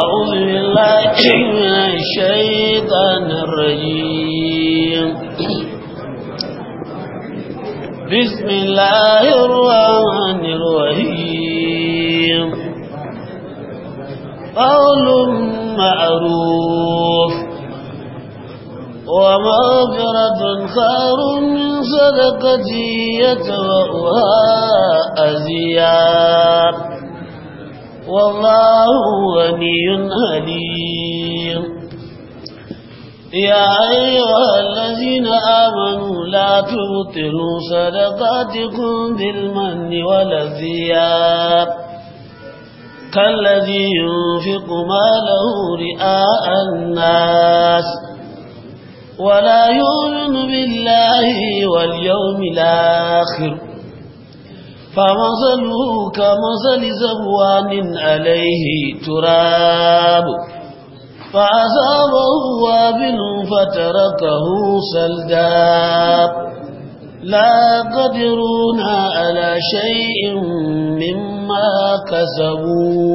أعوذ بالله من الشيطان الرجيم بسم الله الرحمن الرحيم قول معروف ومغفرة خير من صدقتي يتوأها أزيار والله غني حليم يا أيها الذين آمنوا لا تبطلوا صدقاتكم بالمن والذياب كالذي ينفق ماله رئاء الناس ولا يؤمن بالله واليوم الآخر فمثله كمظل زبوان عليه تراب فأصابه وابل فتركه سلداب لا قدرون على شيء مما كسبوا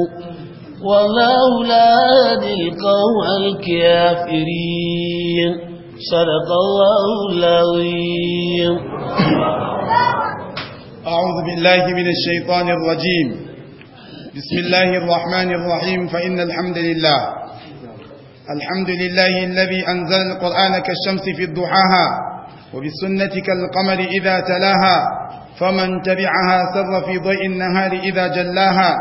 والله لا يهدي القوم الكافرين صدق الله العظيم أعوذ بالله من الشيطان الرجيم بسم الله الرحمن الرحيم فإن الحمد لله الحمد لله الذي أنزل القرآن كالشمس في الضحاها وبسنة كالقمر إذا تلاها فمن تبعها سر في ضيء النهار إذا جلاها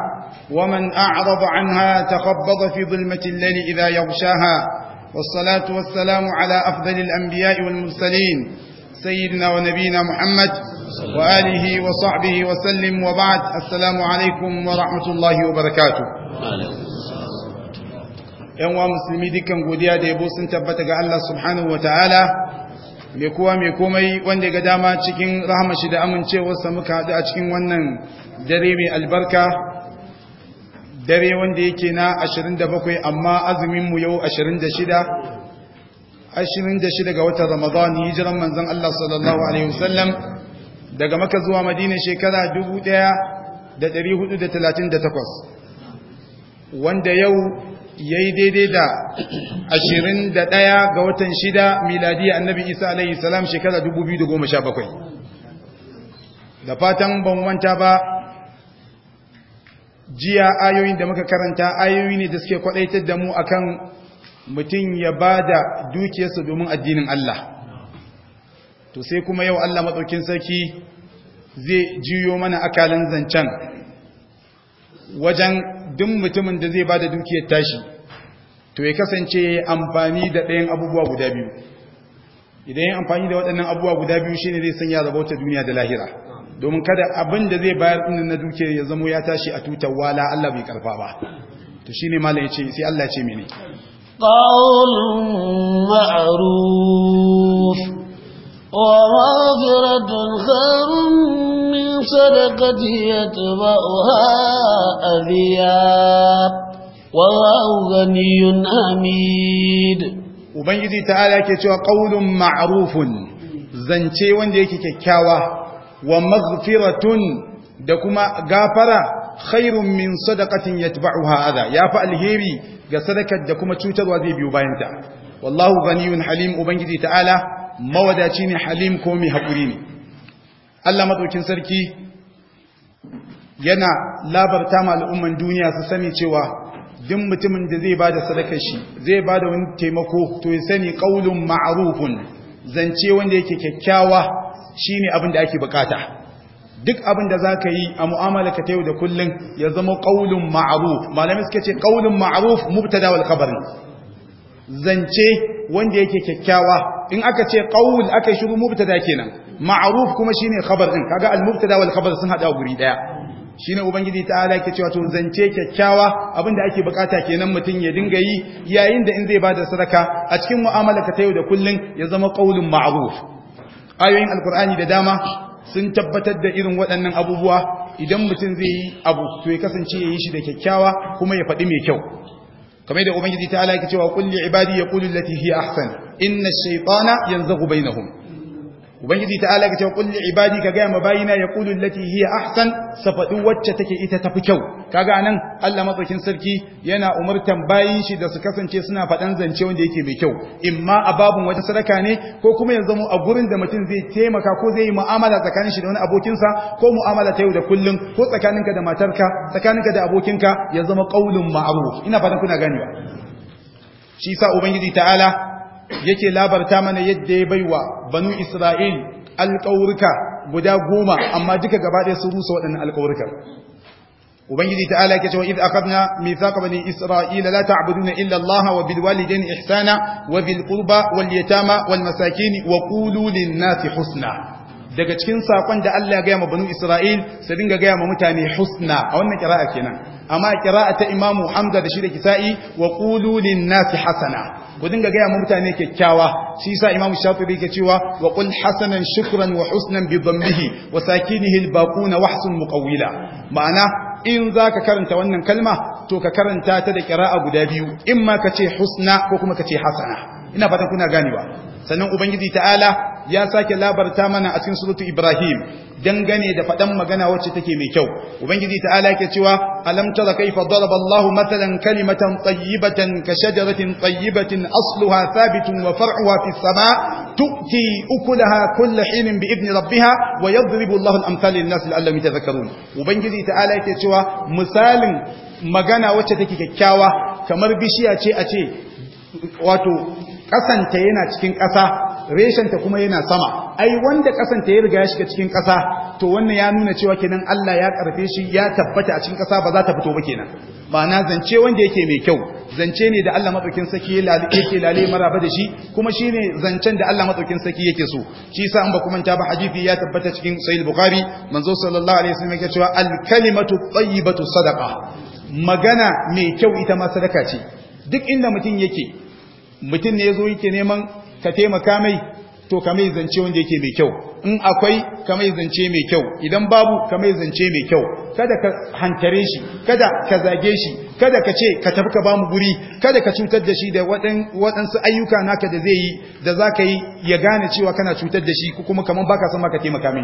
ومن أعرض عنها تخبض في ظلمة الليل إذا يغشاها والصلاة والسلام على أفضل الأنبياء والمرسلين سيدنا ونبينا محمد وآله وصحبه وسلم وبعد السلام عليكم ورحمة الله وبركاته ‘yan wa musulmi dukkan godiya da yabo sun tabbata ga Allah subhanahu wa ta'ala mai kowa mai komai wanda ga dama cikin rahama shi da amincewarsa muka haɗu a cikin wannan dare mai albarka dare wanda yake na 27 amma azumin mu yau 26 26 ga watan Ramadan hijiran manzon Allah sallallahu alaihi wasallam daga Makka zuwa Madina shekara 1438 wanda yau yayi daidai da 21 ga watan 6 miladi annabi Isa alaihi salam shekara 2017 da fatan ban wanta ba jiya ayoyin da muka karanta ayoyi ne da suke kwadaitar da mu akan mutum ya bada dukiyarsa domin addinin Allah to sai kuma yau Allah madaukin sarki zai jiyo mana akalan zancen wajen duk mutumin da zai ba da dukiyar tashi to ya kasance amfani da ɗayan abubuwa guda biyu idan yin amfani da waɗannan abubuwa guda biyu shine zai sanya rabauta duniya da lahira domin kada abin da zai bayar ɗin na duke ya zamo ya tashi a tutar wala Allah bai karfa ba to shine malam ya ce sai Allah ya ce mene qaulun ma'ruf wa maghfiratun khairun min sadaqati yatba'uha adiya wallahu ghaniyyun hamid ubangiji ta'ala yake cewa qaulun ma'arufin zance wanda yake kyakkyawa wa maghfiratun da kuma gafara khairun min sadaqatin yatba'uha adha fa alheri ga sadakar da kuma cutarwa zai biyo bayan ta wallahu ganiyun halim ubangiji ta'ala mawadaci ne halim ko mai hakuri ne Allah madaukin sarki yana labarta ma al'umman duniya su sani cewa duk mutumin da zai bada sadakar shi zai bada wani taimako to ya sani qaulun ma'rufun zance wanda yake kyakkyawa shine abin da ake bukata duk abin da za ka yi a mu'amala ka ta yau da kullum ya zama ƙaunin ma'aruf malamai suka ce ƙaunin ma'aruf mubtada wal zance wanda yake kyakkyawa in aka ce ƙaun aka yi shiru mubtada kenan ma'aruf kuma shine khabar ɗin. kaga al mubtada sun khabar sun hada guri Shi shine ubangiji ala yake cewa to zance kyakkyawa abin da ake bukata kenan mutum ya dinga yi yayin da in zai ba da sadaka a cikin mu'amala ka ta yau da kullum ya zama ƙaunin ma'aruf ayoyin alkur'ani da dama sun tabbatar da irin waɗannan abubuwa idan mutum zai yi abu to ya kasance ya yi shi da kyakkyawa kuma ya faɗi mai kyau kamar da ubangiji ta ala cewa kulli ibadi ya allati hiya ahsan inna yanzu shaytana yanzaghu bainahum ubangiji ta alaka cewa kulli ibadi ka ga ma bayina yaqulu allati hiya ahsan Safaɗi wacce take ita tafi kyau kaga anan Allah madaukin sarki yana umurtan bayin shi da su kasance suna fadan zance wanda yake mai kyau imma a babun wata sadaka ne ko kuma ya zama a gurin da mutum zai taimaka ko zai yi mu'amala tsakanin shi da wani abokin sa ko mu'amala ta yau da kullun? ko tsakaninka da matarka tsakaninka da abokinka ya zama qaulun ma'ruf ina fatan kuna ganewa shi sa ubangiji ta'ala yake labarta mana yadda ya baiwa banu isra'il alƙawurka guda goma amma duka gaba ɗaya sun rusa waɗannan alƙaurikan ubangiji ta'ala yake cewa idh mai mithaqa bani isra'ila la na? illa Allah wa bil walidayni ihsana wa bil qurba wal yatama wal masakin wa qulu lin nasi husna daga cikin sakon da Allah ya gaya ma banu Isra'il su dinga gaya ma mutane husna a wannan kira'a kenan amma kira'a ta Imam Hamza da shi da Kisa'i wa qulu lin-nasi hasana ku dinga gaya ma mutane kyakkyawa shi yasa Imam Shafi yake cewa wa qul hasanan shukran wa husnan bi dhammihi wa sakinihi al-baquna wa husn muqawila ma'ana in zaka karanta wannan kalma to ka karanta ta da kira'a guda biyu in ma kace husna ko kuma kace hasana ina fatan kuna ganewa sannan ubangiji ta'ala ya sake labarta mana a cikin suratu Ibrahim dangane da faɗan magana wacce take mai kyau ubangiji ta'ala yake cewa alam tara kaifa daraba Allah matalan kalimatan tayyibatan ka shajaratin tayyibatin asluha thabitun wa far'uha fis sama tu'ti ukulaha kulla hinin bi idni rabbiha wa yadribu Allah al-amthal lin-nas la'allahum yatadhakkarun ubangiji ta'ala yake cewa misalin magana wacce take kyakkyawa kamar bishiya ce a ce wato kasanta yana cikin ƙasa reshenta kuma yana sama ai wanda kasanta ya riga ya shiga cikin kasa to wannan ya nuna cewa kenan Allah ya karfe shi ya tabbata a cikin kasa ba za ta fito ba kenan ma'ana zance wanda yake mai kyau zance ne da Allah madaukin saki ya yake lalace maraba da shi kuma shine zancen da Allah madaukin saki yake so shi yasa an ba kuma ta ba hadisi ya tabbata cikin sahih bukhari manzo sallallahu alaihi wasallam yake cewa al kalimatu tayyibatu sadaqa magana mai kyau ita ma sadaka ce duk inda mutum yake mutum ne yazo yake neman ka taimaka mai to ka mai zance wanda yake mai kyau in akwai kamai zance mai kyau idan babu kamai zance mai kyau kada ka hankare shi kada ka zage shi kada ka ce ka tafi ka bamu guri kada ka cutar da shi da waɗansu ayyuka naka da zai yi da za ka yi ya gane cewa kana cutar da shi kuma kamar baka sama ka taimaka mai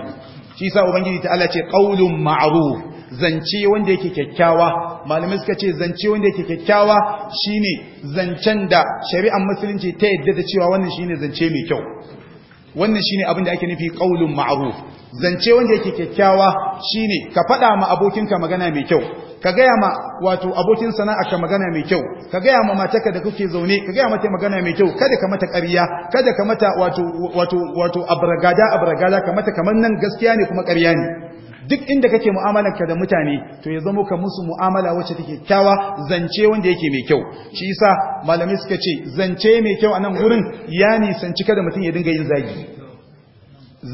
shi sa ubangiji ta Allah ce qaulun ma'ruf zance wanda yake kyakkyawa malamai suka ce zance wanda yake kyakkyawa shine zancen da shari'ar musulunci ta yadda da cewa wannan shine zance mai kyau wannan shine abin da ake nufi qaulun ma'ruf zance wanda yake kyakkyawa shine ka faɗa ma abokinka magana mai kyau ka gaya ma wato abokin sana'arka magana mai kyau ka gaya ma matarka da kuke zaune ka gaya mata magana mai kyau kada ka mata ƙarya kada ka mata wato wato wato abragada abragada ka mata kamar nan gaskiya ne kuma ƙarya ne duk inda kake mu'amalarka da mutane to ya zama ka musu mu'amala wacce take kyawa zance wanda yake mai kyau shi yasa malamai suka ce zance mai kyau a nan gurin ya nisanci kada mutum ya dinga yin zagi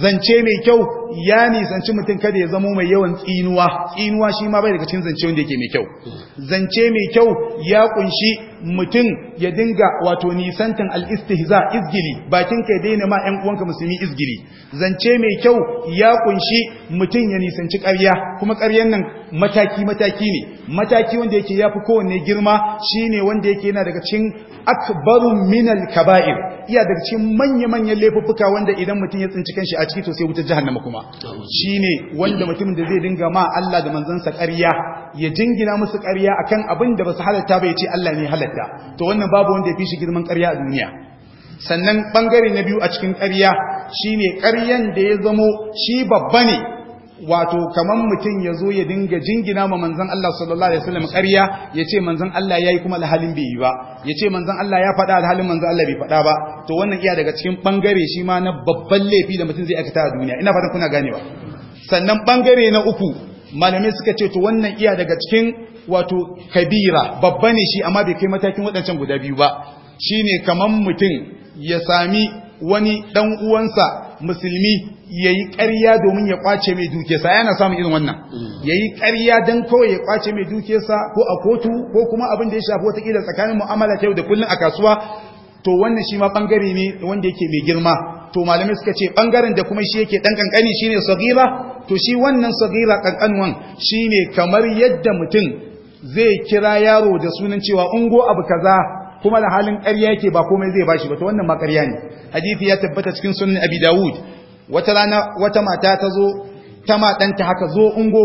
zance mai kyau ya nisanci mutum kada ya zama mai yawan tsinuwa tsinuwa shi ma bai daga cikin zance wanda yake mai kyau zance mai kyau ya kunshi mutum ya dinga wato nisantan al-istihza izgili bakin ka daina ma ƴan uwanka musulmi izgili zance mai kyau ya kunshi mutum ya nisanci karya kuma ƙaryan nan mataki mataki ne mataki wanda yake yafi kowanne girma shine wanda yake yana daga cikin akbarun minal kaba'ir iya daga cikin manya-manyan laifuffuka wanda idan mutum ya tsinci kanshi a ciki to sai wuta jahannama kuma Shi ne wanda mutum da zai dinga ma Allah da manzansa ƙarya ya jingina musu ƙarya akan abin da ba su halatta ba ya ce Allah ne halatta to wannan babu wanda ya fi shi girman ƙarya a duniya sannan ɓangare na biyu a cikin ƙarya ne ƙaryan da ya zamo shi babba ne wato kaman mutum ya zo ya dinga jingina ma manzan Allah sallallahu alaihi wasallam ƙarya ya ce manzan Allah ya yi kuma alhalin bai yi ba ya ce manzan Allah ya faɗa alhalin manzan Allah bai faɗa ba to wannan iya daga cikin ɓangare shi ma na babban laifi da mutum zai aikata a duniya ina fatan kuna ganewa sannan ɓangare na uku malamai suka ce to wannan iya daga cikin wato kabira babba ne shi amma bai kai matakin waɗancan guda biyu ba shine kaman mutum ya sami wani ɗan uwansa musulmi yayi ƙarya domin ya kwace mai dukiyarsa yana samun irin wannan mm. yayi ƙarya dan kawai ya kwace mai dukiyarsa ko a kotu ko kuma abin da ya shafi wata kila tsakanin mu'amala ta yau da kullun a kasuwa to wannan shi ma bangare ne wanda yake mai girma to malamai suka ce bangaren da kuma shi yake dan kankani shine sagira to shi wannan sagira kankanwan shine kamar yadda mutum zai kira yaro da sunan cewa ungo abu kaza kuma da halin ƙarya yake ba komai zai bashi ba to wannan ma ƙarya ne hadisi ya tabbata cikin sunan abi dawud wata rana wata mata ta zo ta matanta haka zo ungo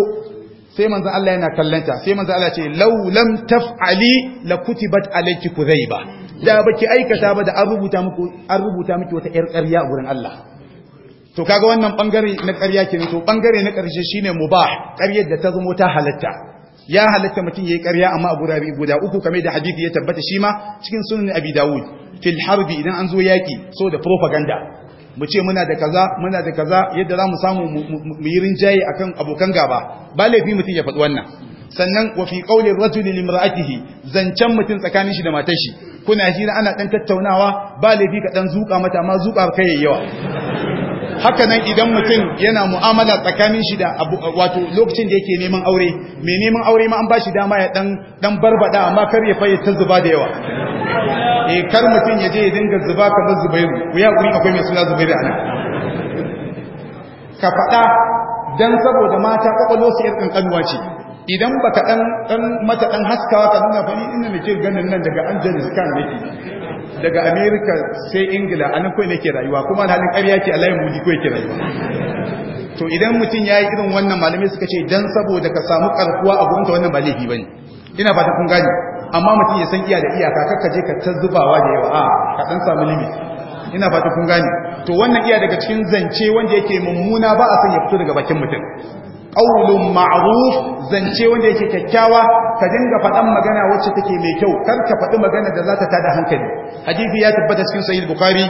sai manzan Allah yana kallanta sai manzan Allah ce lau lam taf'ali la kutibat alayki ba da baki aikata ba da an rubuta muku an rubuta miki wata yar karya a gurin Allah to kaga wannan bangare na ƙarya kenan to bangare na ƙarshe shine mubah ƙaryar da ta zama ta halatta ya halatta mutum ya yi karya amma a gurabi guda uku kamar da hadisi ya tabbata shi ma cikin sunan Abi Dawud fil harbi idan an zo yaki so da propaganda mu ce muna da kaza muna da kaza yadda za mu samu mu yi rinjaye akan abokan gaba ba laifi mutum ya faɗi wannan sannan wa fi qawli rajuli limra'atihi zancan mutum tsakanin shi da matar shi kuna na ana ɗan tattaunawa ba laifi ka dan zuka mata ma zuka kai yawa haka nan idan mutum yana mu'amala tsakanin shi da wato lokacin da yake neman aure mai neman aure ma an bashi dama ya ɗan dan barbada amma kar ya fayyata zuba da yawa eh kar mutum ya je ya dinga zuba kamar zubairu ku ya kuri akwai mai suna zubairu a nan ka faɗa don saboda mata kwakwalo su yar kankanuwa ce idan ba ka ɗan mata ɗan haskawa ka nuna fani ina nake ganin nan daga angeles kan nake daga america sai ingila a nan kawai nake rayuwa kuma da halin ƙarya ke a layin mudi kawai ke rayuwa to idan mutum ya yi irin wannan malamai suka ce don saboda ka samu karkuwa a gurin gunta wannan ba laifi ba ne ina fata kun gani amma mutum ya san iya da iyaka kakka je ka ta zubawa da yawa a ka dan samu limit ina fata kun gane to wannan iya daga cikin zance wanda yake mummuna ba a san ya fito daga bakin mutum qawlun ma'ruf zance wanda yake kyakkyawa ka dinga faɗan magana wacce take mai kyau kar ka faɗi magana da zata ta tada hankali hadisi ya tabbata cikin sahih bukhari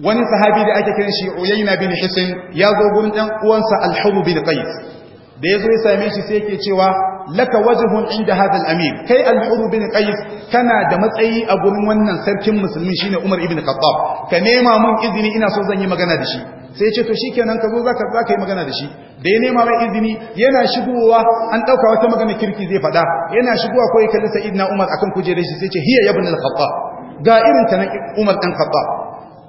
wani sahabi da ake kiran shi Uyayna bin Hisn ya zo gurin dan uwansa Al-Hurr bin Qais da ya zo ya same shi sai yake cewa laka wajhun inda da al-amir kai al-umar bin qais kana da matsayi a gurin wannan sarkin musulmi shine umar ibn khattab ka nema mun izini ina so zan yi magana da shi sai ya ce to shikenan ka zo zaka zaka yi magana da shi da ya nema mai izini yana shigowa an dauka wata magana kirki zai fada yana shigowa ko ya kalli sayyidina umar akan kujerar shi sai ya ce hiya ibn al-khattab ga irin ta na umar dan khattab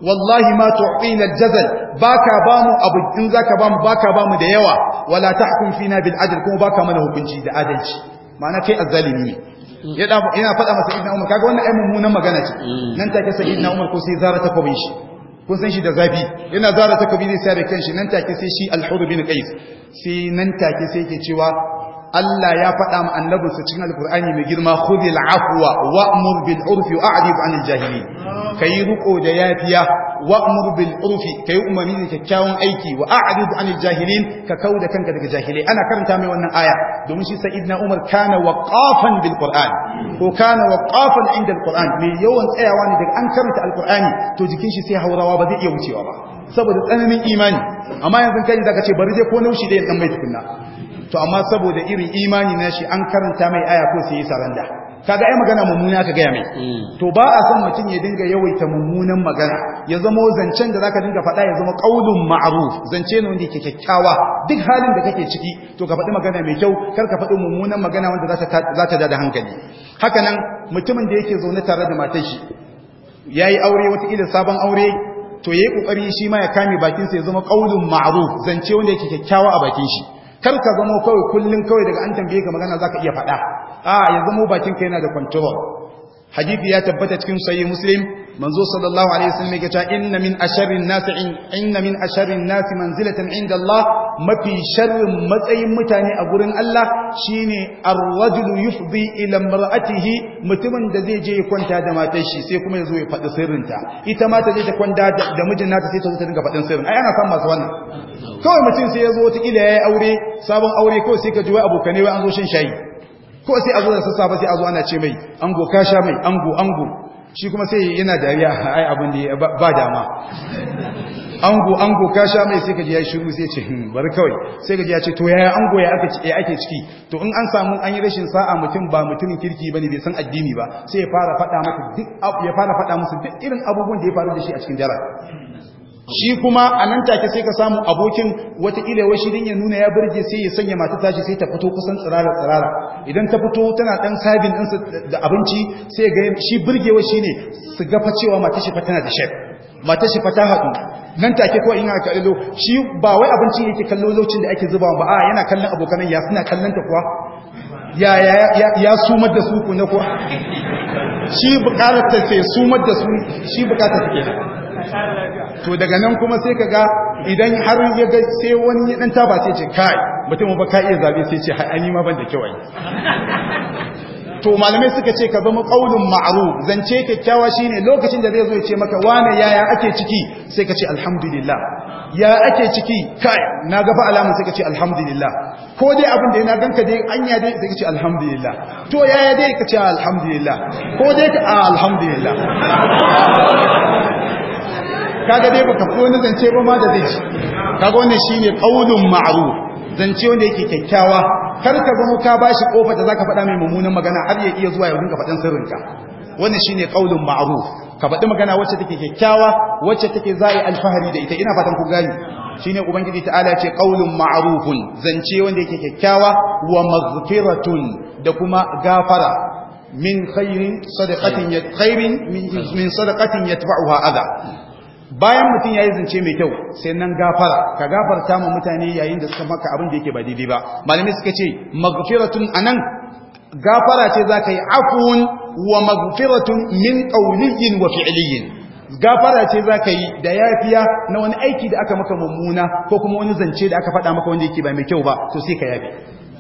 wallahi ma tu'tina al-jazal baka bamu abu in zaka bamu baka bamu da yawa wala tahkum fina bil adl kuma baka mana hukunci da adalci ma'ana kai azzalimi ne ya da ina faɗa masa ibnu umar kaga wannan ai mummunan magana ce mm. nan take sai ibnu umar ko sai zara takobin shi kun san shi da zafi yana zara takobi zai sare kanshi nan take sai shi al-hur bin qais sai nan take sai yake cewa Allah ya faɗa ma annabinsa cikin alkur'ani mai girma khudhil afwa wa'mur bil urfi wa'rid 'anil jahilin kai ruko da yafiya wa'mur bil urfi kai umarni da kyakkyawan aiki wa a'rid 'anil jahilin ka kauda kanka daga jahilai ana karanta mai wannan aya domin shi sayyidina Umar kana waqafan bil Qur'an ko kana waqafan inda al Qur'an mai yawan tsayawa ne daga an karanta al Qur'ani to jikin shi sai haurawa ba zai iya wucewa ba saboda tsananin imani amma yanzu kai zaka ce bari dai ko naushi dai dan mai tukunna to amma saboda irin imani na shi an karanta mai aya ko sai yi saranda kaga ai magana mummuna ka gaya mai mm. to ba a san mutum ya dinga yawaita mummunan magana ya zama zancen da zaka dinga faɗa ya zama qaulun ma'ruf zance ne wanda yake kyakkyawa duk halin da kake ciki to ka faɗi magana mai kyau kar ka faɗi mummunan magana wanda za ta da hankali haka nan mutumin da yake zaune tare da matar shi yayi aure wata ila sabon aure to yayi kokari shi ma ya kame bakin sa ya zama qaulun ma'ruf zance wanda yake kyakkyawa a bakin shi kar ka zamo kawai kullum kawai daga an tambaye ka magana za ka iya faɗa a ya zamo bakin yana da control hadisi ya tabbata cikin sahih muslim manzo sallallahu alaihi wasallam yake cewa inna min asharrin nas inna min asharrin nas manzilatan inda Allah mafi sharrin matsayin mutane a gurin Allah shine ar-rajulu yufdi ila mar'atihi mutumin da zai je ya kwanta da matar shi sai kuma yazo ya faɗi sirrinta ita ma ta je ta kwanta da mijin nata sai ta zo ta dinga faɗin sirrin ai ana san masu wannan kawai mutum sai yazo wata kila yayi aure sabon aure kawai sai ka ji wai abokane wai an zo shin shayi ko sai a zo da sassafe sai a zo ana ce mai ango ka sha mai ango ango shi kuma sai yana dariya ai abin da ba dama ango ango ka sha mai sai ka ji ya shiru sai ce hmm, bari kawai sai ka ji ya ce to yaya ango ya ake ciki to in an samu an yi rashin sa'a mutum ba mutumin kirki bane bai san addini ba sai ya fara faɗa maka duk ya fara faɗa musu duk irin abubuwan da ya faru da shi a cikin jara shi kuma a nan take sai ka samu abokin wataƙila wai shi din ya nuna ya birge sai ya sanya mata tashi sai ta fito kusan tsirara tsirara idan ta fito tana ɗan sabin ɗinsa da abinci sai ga shi birgewa shi ne su gafa cewa mata shi tana da shef mata shi ta haɗu nan take kawai ina kallo shi ba wai abinci yake kallo lokacin da ake zuba ba a yana kallon abokanan ya suna kallon ta kuwa ya ya sumar da su ku na kuwa shi bukatar sai sumar da su shi bukatar ke to daga nan kuma sai ka ga idan har ya ga sai wani ya dan taba sai ce kai mutum ba ka iya zabe sai ce har ani ma ban da kyau ai to malamai suka ce ka zama qaulun ma'ruf zance kyakkyawa shine lokacin da zai zo ya ce maka wane yaya ake ciki sai ka ce alhamdulillah ya ake ciki kai na ga fa alamun sai ka ce alhamdulillah ko dai abin da na ganka dai anya dai sai ka ce alhamdulillah to yaya dai ka ce alhamdulillah ko dai ka alhamdulillah kaga dai baka fi wani zance ba ma da zai ci kaga wannan shine qaulun ma'ruf zance wanda yake kyakkyawa kar ka zama ka bashi kofa da zaka faɗa mai mummunan magana har ya iya zuwa ya rinka faɗan sirrinka wannan shine qaulun ma'ruf ka faɗi magana wacce take kyakkyawa wacce take zai alfahari da ita ina fatan ku gani shine ubangiji ta'ala ce qaulun ma'rufun zance wanda yake kyakkyawa wa mazkiratun da kuma gafara min khairin sadaqatin min sadaqatin yatba'uha adha bayan mutum ya yi zance mai kyau sai nan gafara ka gafarta ma mutane yayin da suka maka abin da yake ba daidai ba malami suka ce maghfiratun anan gafara ce zaka yi afun wa maghfiratun min qawliyin wa fi'liyin gafara ce zaka yi da yafiya na wani aiki da aka maka mummuna ko kuma wani zance da aka faɗa maka wanda yake ba mai kyau ba to sai ka yafi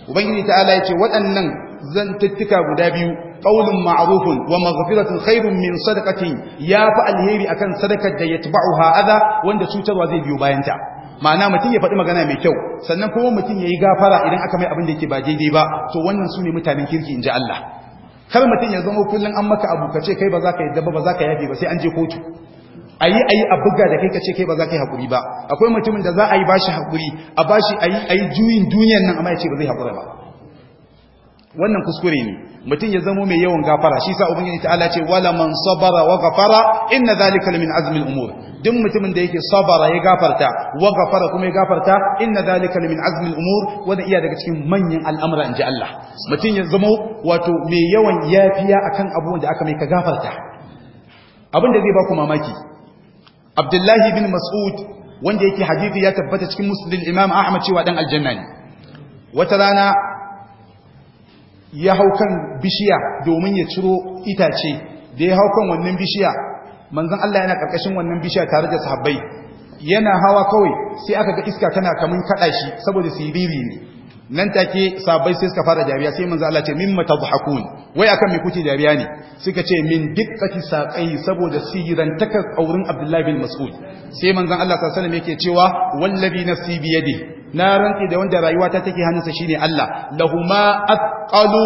ubangiji ta'ala ya ce waɗannan zantuttuka guda biyu qaulun ma'rufun wa maghfiratun khairun min sadaqatin yafi alheri akan sadakar da yatba'uha adha wanda cutarwa zai biyo bayan ta ma'ana mutum ya faɗi magana mai kyau sannan kuma mutum yi gafara idan aka mai abin da yake ba daidai ba to wannan ne mutanen kirki ji Allah kar mutum ya zama kullun an maka abu kace kai ba za ka yadda ba ba za ka yafe ba sai an je kotu ayi ayi a buga da kai kace kai ba za ka yi hakuri ba akwai mutumin da za a yi bashi hakuri a bashi ayi ayi juyin duniyar nan amma ya ce ba zai hakura ba wannan kuskure ne mutum ya zamo mai yawan gafara shi sa ubangiji ta'ala ce wala man sabara wa ghafara inna zalika min azmi al-umur duk mutumin da yake sabara ya gafarta wa ghafara kuma ya gafarta inna zalika min azmi al-umur wanda iya daga cikin manyan al'amura inji Allah mutum ya zamo wato mai yawan yafiya akan abubuwan da aka mai ka gafarta abin da zai ba ku mamaki Abdullahi bin Mas'ud wanda yake hadisi ya tabbata cikin Muslim Imam Ahmad cewa dan aljanna ne wata rana ya hau kan bishiya domin ya ciro itace da ya hau kan wannan bishiya manzon Allah yana karkashin wannan bishiya tare da sahabbai yana hawa kawai sai aka ga iska tana kaman kada shi saboda siriri ne nan take sahabbai sai suka fara dariya sai manzon Allah ce mimma tadhakun wai akan me kuke dariya ne suka ce min dikkati saqai saboda siran taka aurin Abdullah bin Mas'ud sai manzon Allah sallallahu alaihi wasallam yake cewa wallabi nafsi bi yadihi na rantsi da wanda rayuwata take hannunsa shine Allah lahuma aqalu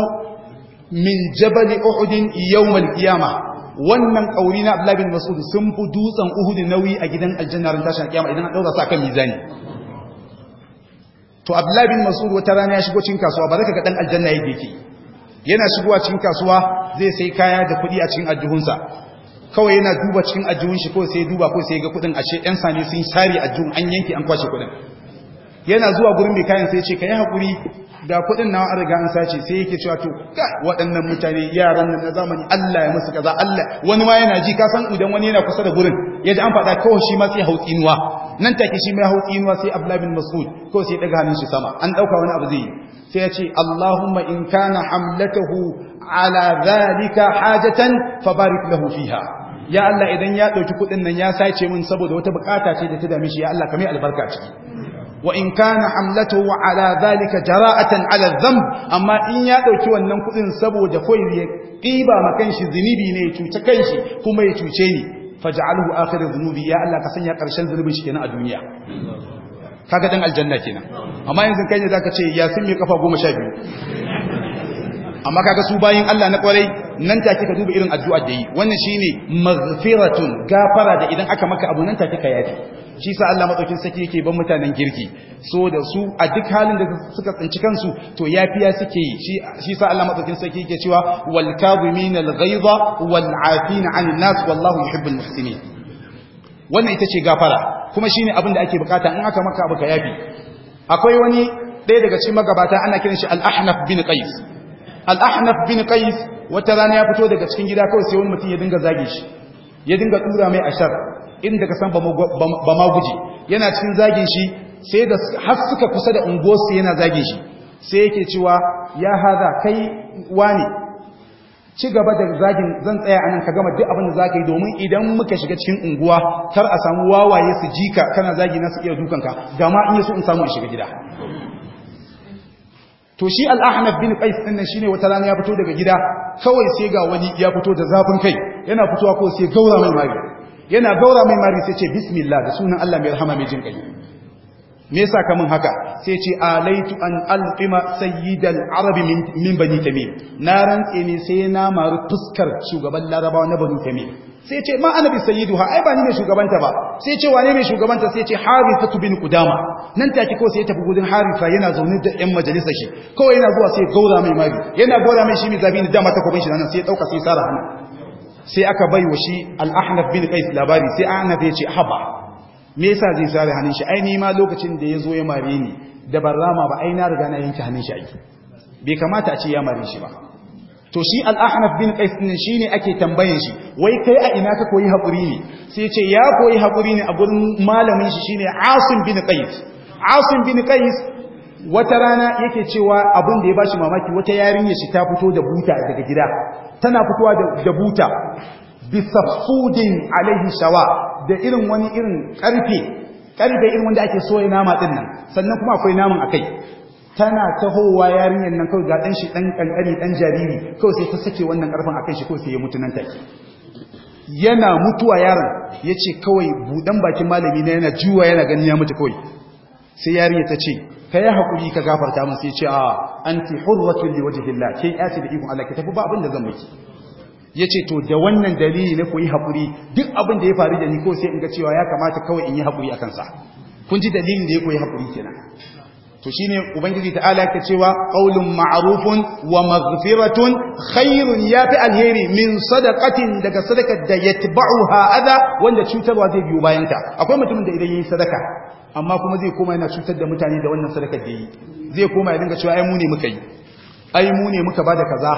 min jabal uhud yawm al qiyama wannan kauri na Abdullah bin Mas'ud sun fi dutsen Uhud nauyi a gidan aljanna ran tashin kiyama idan an dauka su akan mizani to Abdullah bin Mas'ud wata rana ya shigo cikin kasuwa ba zaka ga dan aljanna yake yake yana shigowa cikin kasuwa zai sai kaya da kuɗi a cikin aljihunsa kawai yana duba cikin aljihun shi ko sai duba ko sai ga kuɗin ashe yan sani sun share aljihun an yanke an kwashe kuɗin yana zuwa gurin mai kayan sai ce ka yi haƙuri da kuɗin nawa an riga an sace sai yake cewa to waɗannan mutane yaran nan na zamani Allah ya musu kaza Allah wani ma yana ji ka san idan wani yana kusa da gurin ya ji an faɗa kawai shi ma sai hautsi nuwa nan take shi mai hautsi nuwa sai Abdullah bin Mas'ud kawai sai daga hannun shi sama an ɗauka wani abu zai yi sai ya ce Allahumma in kana hamlatahu ala zalika hajatan fabarik lahu fiha ya Allah idan ya ɗauki kuɗin nan ya sace min saboda wata bukata ce da ta dame shi ya Allah ka mai albarka ciki وإن كان حملته على ذلك جراءة على الذنب أما إن يأتوكي وننكذن سبو جفوي قيبا ما كانش ذنبي نيتو تكنش كما يتوشيني فجعله آخر ذنوبي يا الله كسن يا قرشان ذنوبي شكنا الدنيا kaga dan aljanna kenan amma yanzu kai ne zaka ce ya sun mi kafa 12 amma kaga su bayan Allah na kwarai nan take ka duba irin addu'ar da yi wannan shine maghfiratun gafara da idan aka maka abu nan take ka yafi shi sa Allah madaukin saki yake ban mutanen girki. so da su a duk halin da suka tsinci kansu to yafiya suke yi shi sa Allah madaukin saki yake cewa wal kadhimin al ghaiza wal afin an nas wallahu yuhibbul muhsinin wannan ita ce gafara kuma shine abin da ake bukata in aka maka abu ka yafi akwai wani ɗaya daga cikin magabata ana kiran shi al-ahnaf bin qais al bin qais wata rana ya fito daga cikin gida kawai sai wani mutum ya dinga zage shi ya dinga tura mai ashar inda ka san ba ma guji yana cikin zage shi sai da har suka kusa da ungosu yana zage shi sai yake cewa ya haza kai wani ci gaba da zagin zan tsaya anan ka gama duk abin da zaka yi domin idan muka shiga cikin unguwa kar a samu wawaye su jika kana zagi na su iya dukanka gama iya yi su in samu in shiga gida to shi al-ahnaf bin qais din nan shine wata rana ya fito daga gida kawai sai ga wani ya fito da zafin kai yana fitowa ko sai gaura mai mari yana gaura mai mari sai ce bismillah da sunan Allah mai rahama mai jin kai me yasa kamun haka sai ce alaitu an alqima sayyidal arab min bani tamim na rantse ne sai na maru fuskar shugaban larabawa na bani tamim sai ce ma ana sayyiduha ai ba ni ne shugabanta ba sai ce wane ne shugabanta sai ce harithatu bin qudama nan take ko sai ta fi gudun harifa yana zaune da yan majalisar shi kawai yana zuwa sai gaura mai mari yana gaura mai shi mai zabi ne dama takobin shi nan sai ɗauka dauka sai sara hana sai aka bai wa shi al-ahnaf bin qais labari sai ahnaf ya ce haba me yasa zai sare hannun shi ai ni ma lokacin da ya zo ya mare ni da barrama ba ai na riga na yanke hannun shi ai bai kamata a ce ya mare shi ba to shi al-ahnaf bin qais shi shine ake tambayan shi wai kai a ina ka koyi hakuri ne sai ya ce ya koyi hakuri ne a gurin malamin shi shine asim bin qais asim bin qais wata rana yake cewa abin da ya bashi mamaki wata yarinya shi ta fito da buta daga gida tana fitowa da buta safudin alaihi shawa da irin wani irin karfe karfe irin wanda ake soya nama din sannan kuma akwai naman akai tana tahowa yarinyar nan kawai ga ɗan shi dan kankani dan jariri kawai sai ta sake wannan a kan shi kawai sai ya mutu nan take yana mutuwa yaron ce kawai buɗan bakin malami na yana juwa yana gani ya mutu kawai sai yarinya ta ce ka yi hakuri ka gafarta min sai ce a anti hurratun li wajhillah ke yace da ikon Allah ki tafi ba abin da zan miki yace to da wannan dalili na koyi hakuri duk abin da ya faru da ni ko sai in ga cewa ya kamata kawai in yi hakuri akan sa kun ji dalilin da ya koyi hakuri kenan to ne ubangiji ta'ala ka cewa qaulun ma'arufin wa maghfiratun khairun fi alheri min sadaqatin daga sadakar da yatba'uha adha wanda cutarwa zai biyo bayan ta akwai mutumin da idan yayi sadaka amma kuma zai koma yana cutar da mutane da wannan sadakar da yi zai koma ya dinga cewa ai mu ne muka yi ai mu ne muka bada kaza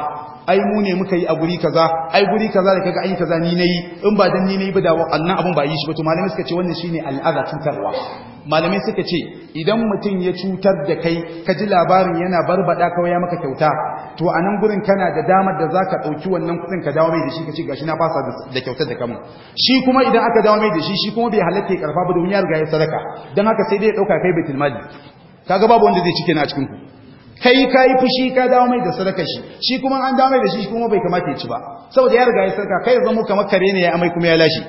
ai mu ne muka yi a guri kaza ai guri kaza da kaga ai kaza ni nayi in ba dan ni nayi ba da wannan abun ba yi shi ba to malamai suka ce wannan shine al'aza cutarwa malamai suka ce idan mutum ya cutar da kai ka ji labarin yana barbada kawai ya maka kyauta to a nan gurin kana da damar da za ka ɗauki wannan kuɗin ka dawo mai da shi ka ce gashi na fasa da kyautar da kamun shi kuma idan aka dawo mai da shi shi kuma bai halatta ya karfa ba domin ya riga ya sadaka don haka sai dai ya ɗauka kai baitul mali kaga babu wanda zai cike na cikin ku kai ka yi fushi ka dawo mai da sadaka shi shi kuma an dawo mai da shi kuma bai kamata ya ci ba saboda ya riga ya sadaka kai ya zama kamar kare ne ya amai kuma ya lashe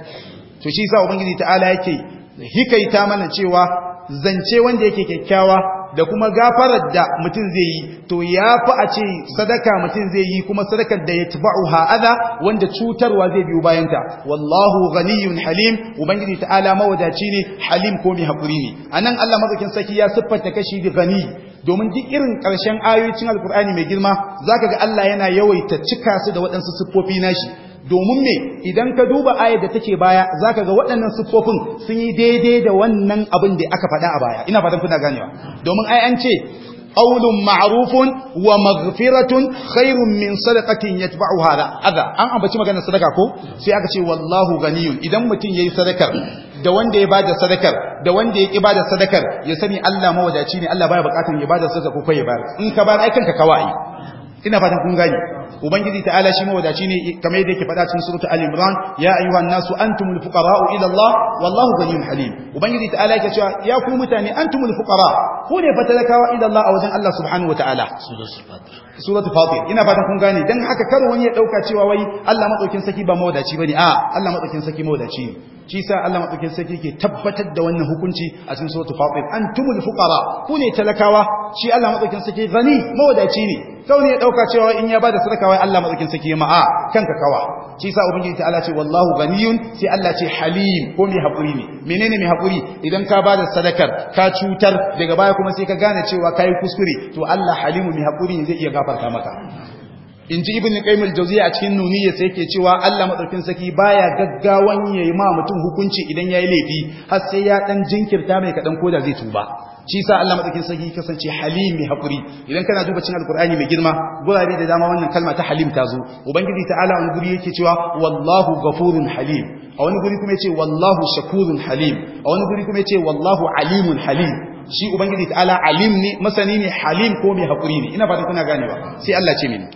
to shi yasa ubangiji ta'ala yake hikaita mana cewa zance wanda yake kyakkyawa da kuma gafarar da mutum zai yi to ya fi a ce sadaka mutum zai yi kuma sadakar da ya tuba'u ha'ada wanda cutarwa zai biyu bayanta wallahu ghaniyun halim ubangiji ta'ala mawadaci ne halim ko mai haƙuri ne nan Allah madaukin saki ya siffanta kashi da gani domin duk irin ƙarshen ayoyin alkur'ani mai girma zaka ga Allah yana yawaita cika su da waɗansu siffofi nashi domin me idan ka duba ayar da take baya zaka ga waɗannan siffofin sun yi daidai da wannan abin da aka faɗa a baya ina fatan kuna ganewa domin ai an ce qawlun ma'rufun wa maghfiratun khairun min sadaqatin yatba'uha adha an ambaci maganar sadaka ko sai aka ce wallahu ganiyun idan mutum ya yi sadakar da wanda ya bada sadakar da wanda ya ki bada sadakar ya sani Allah mawadaci ne Allah baya bukatun ya bada sadaka ko kai ya bayar in ka bari ai kanka kawai ina fatan kun gani ubangiji ta'ala shi wadaci ne kamar yadda yake faɗa cikin suratul al-imran ya ayyuhan nasu antumul fuqara'u ila Allah wallahu ghaniyyun halim ubangiji ta'ala yake cewa ya ku mutane antumul fuqara ku ne fa talakawa ila Allah a wajen Allah subhanahu wa wata'ala suratul fatir ina fatan kun gani dan haka kar wani ya dauka cewa wai Allah madaukin saki ba mawadaci bane a Allah madaukin saki mawadaci ne shi sa Allah madaukakin sarki ke tabbatar da wannan hukunci a cikin suratul fatir antumul fuqara ku ne talakawa shi Allah madaukakin sarki zani mawadaci ne sau ne ya dauka cewa in ya bada sadaka wai Allah madaukakin sarki ma'a ah, kanka kawa shi sa ubangiji ta Allah ce wallahu ganiyun sai Allah ce halim ko mai hakuri ne menene mai hakuri idan ka bada sadakar ka cutar daga baya kuma sai ka gane cewa kai kuskure to Allah halimu mai hakuri ne zai iya gafarta maka in ji ibn qayyim al-jawziyya a cikin sa sai ke cewa Allah madaukin saki baya gaggawan yayi ma mutum hukunci idan ya yi laifi har sai ya dan jinkirta mai ko koda zai tuba shi sa Allah madaukin saki kasance halim mai haƙuri. idan kana duba cikin alqur'ani mai girma gurare da dama wannan kalma ta halim ta zo ubangiji ta'ala wani guri yake cewa wallahu gafurun halim a wani guri kuma ce wallahu shakurun halim a wani guri kuma ce wallahu alimun halim shi ubangiji ta'ala alim ne masani ne halim ko mai hakuri ne ina fatan kuna ganewa sai Allah ce mini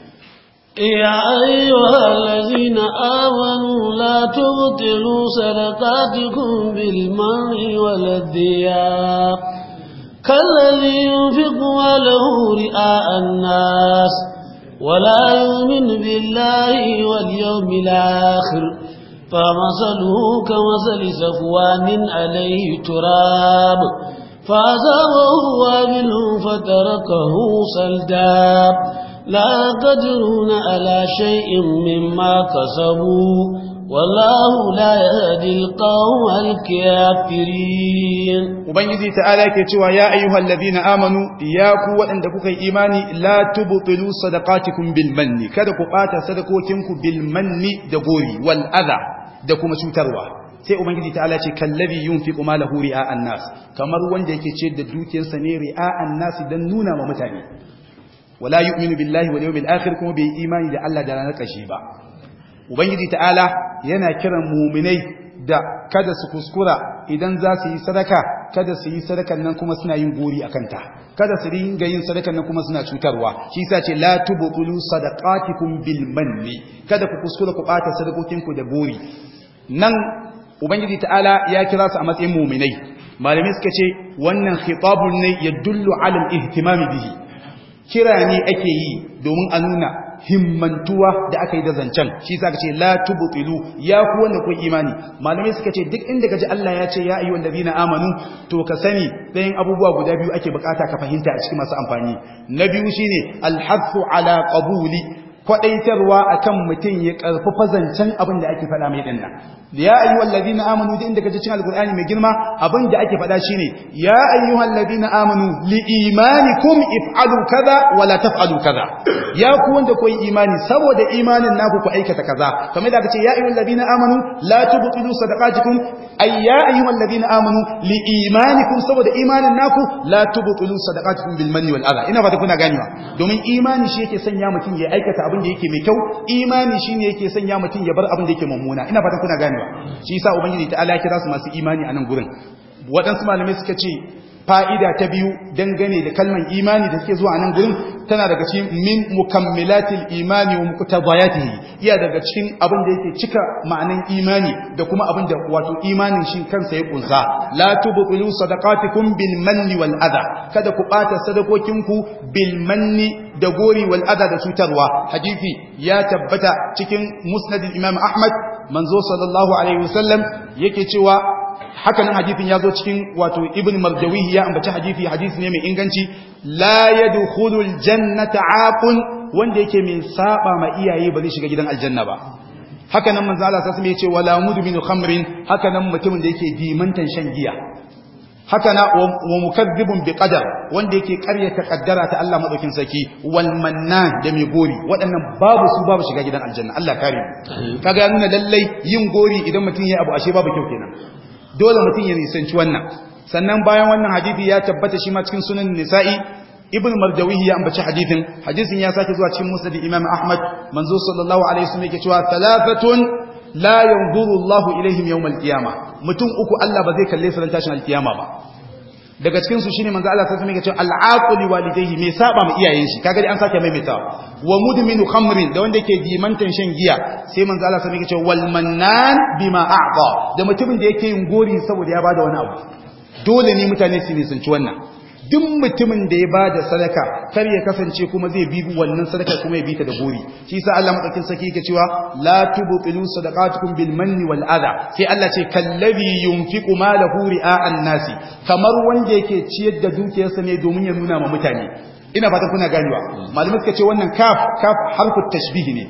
يا أيها الذين آمنوا لا تبطلوا صدقاتكم بالمر والذياء كالذي ينفق وله رئاء الناس ولا يؤمن بالله واليوم الآخر فمثله كمثل صفوان عليه تراب فأزابه وابله فتركه سلداب لا قدرون على شيء مما كسبوا والله لا يهدي القوم الكافرين وبنجي تعالى كتوا يا أيها الذين آمنوا يا قوة عندكم إيماني لا تبطلوا صدقاتكم بالمن كذا قبات صدقوتكم بالمن دقوري والأذى دكم سوتروا sai ubangiji ta ala ce kallabi yunfiqu malahu ri'a an-nas kamar wanda yake ce da dukiyarsa ne ri'a an-nas dan nuna ma mutane wala yu'minu billahi wal yawmil akhir kuma bai imani da Allah da ranar ƙarshe ba ubangiji ta'ala yana kiran mu'minai da kada su kuskura idan za su yi sadaka kada su yi sadakan nan kuma suna yin gori a kanta. kada su ringa yin sadakan nan kuma suna cutarwa shi yasa ce la tubtulu sadaqatikum bil manni kada ku kuskura ku bata sadakokinku da gori nan ubangiji ta'ala ya kira su a matsayin mu'minai malamai suka ce wannan khitabun ne ya dullu alam ihtimami bihi kira ne ake yi domin a nuna himmantuwa da aka yi da zancen shi sa ka ce la tubtilu ya ku wanda kun imani malamai suka ce duk inda ji Allah ya ce ya ayyuhal ladina amanu to ka sani dayan abubuwa guda biyu ake bukata ka fahimta a cikin masu amfani na biyu shine alhassu ala qabuli kwadaitarwa akan mutum ya karfafa zancen abin da ake faɗa mai dinnan ya ayyuhal na amanu da inda kaje cikin alkur'ani mai girma abin da ake faɗa shine ya ayyuhal na amanu li imanikum if'alu kaza wala taf'alu kaza ya ku wanda koyi imani saboda imanin naku ku aikata kaza kamar da aka ce ya ayyuhal na amanu la tubtilu sadaqatikum ay ya ayyuhal na amanu li imanikum saboda imanin naku la tubtilu sadaqatikum bil manni wal adha ina ba ta kuna ganewa domin imani shi yake sanya mutum ya aikata abin da yake mai kyau imani shi ne yake sanya mutum ya bar abin da yake mummuna ina fatan kuna ganewa shi yasa ubangiji ta ala kira su masu imani a nan gurin waɗansu malamai suka ce fa'ida ta biyu dangane da kalman imani da ke zuwa nan gurin tana daga cikin min mukammilatil imani wa muqtadayatihi iya daga cikin abin da yake cika ma'anan imani da kuma abin da wato imanin shi kansa ya kunsa la tubtilu sadaqatikum bil manni wal adha kada ku bata sadakokinku bil manni da gori wal adha da cutarwa hadisi ya tabbata cikin musnad imam ahmad manzo sallallahu alaihi wasallam yake cewa hakanan hadithin ya zo cikin wato ibn marjawihi ya ambaci hadithi hadisi ne mai inganci la yadkhulu aljannata aqun wanda yake min saba ma iyaye ba zai shiga gidan aljanna ba Hakanan nan manzo Allah sallallahu ya ce wala mudminu khamrin haka nan mutumin da yake dimantan shan giya haka wa mukazzibun bi wanda yake karyata kaddara ta Allah madaukin saki wal mannan da mai gori waɗannan babu su babu shiga gidan aljanna Allah kare kaga nuna lallai yin gori idan mutum yayi abu ashe babu kyau kenan dole mutum ya nisanci wannan sannan bayan wannan hadithi ya tabbata shi ma cikin sunan nisa'i ibn mardawihi ya ambaci hadithin hadisin ya sake zuwa cikin musnad imam ahmad manzo sallallahu alaihi wasallam yake cewa thalathatun la yanzuru allah ilaihim yawm alqiyama mutum uku allah ba zai kalle su ran tashin alqiyama ba daga cikin su shine manzo Allah sallallahu alaihi wasallam yake cewa al'aqli walidayhi mai saba mu iyayen shi kaga dai an sake mai maimaitawa wa mudminu khamrin da wanda yake dimantan shan giya sai manzo Allah sallallahu alaihi wasallam yake cewa wal mannan bima a'ta da mutumin da yake yin gori saboda ya bada wani abu dole ne mutane su nisanci wannan duk mutumin da ya bada sadaka kar ya kasance kuma zai bi wannan sadaka kuma ya bi ta da gori shi sa Allah madaukin saki yake cewa la tubtilu sadaqatukum bil manni wal adha sai Allah ce kallabi yunfiqu malahu ri'a'an nasi kamar wanda yake ciyar da dukiyarsa ne domin ya nuna ma mutane ina fatan kuna ganewa malamai suka ce wannan kaf kaf harfu tashbihi ne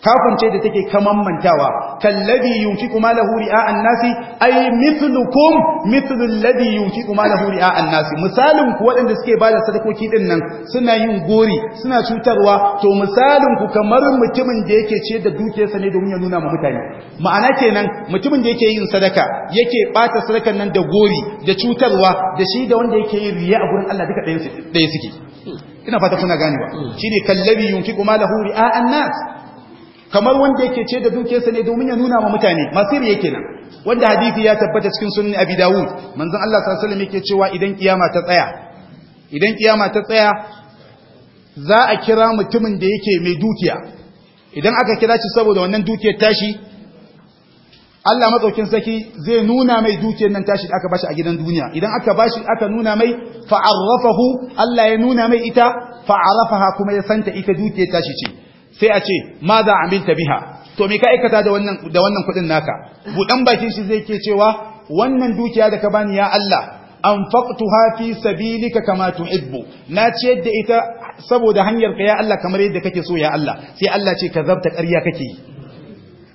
Kafin ce da take mantawa kallabi yunfiqu malahu ri'a'an nasi ay mithlukum mithlu alladhi yunfiqu malahu ri'a'an nasi misalin ku waɗanda suke ba da sadakoki din nan suna yin gori suna cutarwa to misalin ku kamar mutumin da yake ce da dukiyarsa ne domin ya nuna ma mutane ma'ana kenan mutumin da yake yin sadaka yake bata sadakan nan da gori da cutarwa da shi da wanda yake yin riya a gurin Allah duka ɗaya suke ina fata kuna ganewa mm. shine kallabi yunfiqu malahu ri'a'an nasi kamar wanda yake ce da dukiyarsa ne domin ya nuna wa mutane masu yake nan. wanda hadisi ya tabbata cikin sunan abi dawud manzon Allah sallallahu alaihi wasallam yake cewa idan kiyama ta tsaya idan kiyama ta tsaya za a kira mutumin da yake mai dukiya idan aka kira shi saboda wannan dukiyar tashi Allah matsaukin saki zai nuna mai dukiyar nan tashi aka bashi a gidan duniya idan aka bashi aka nuna mai fa'arrafahu Allah ya nuna mai ita fa'arafaha kuma ya santa ita dukiyar tashi ce sai a ce ma za aminta biha to me ka aikata da wannan kuɗin naka buɗan bakin shi zai ke cewa wannan dukiya da ka bani ya Allah anfaqtuha hafi sabilika kama tuhibbu na ciyar da ita saboda hanyar ka ya Allah kamar yadda kake so ya Allah sai Allah ce ka zabta ƙarya kake yi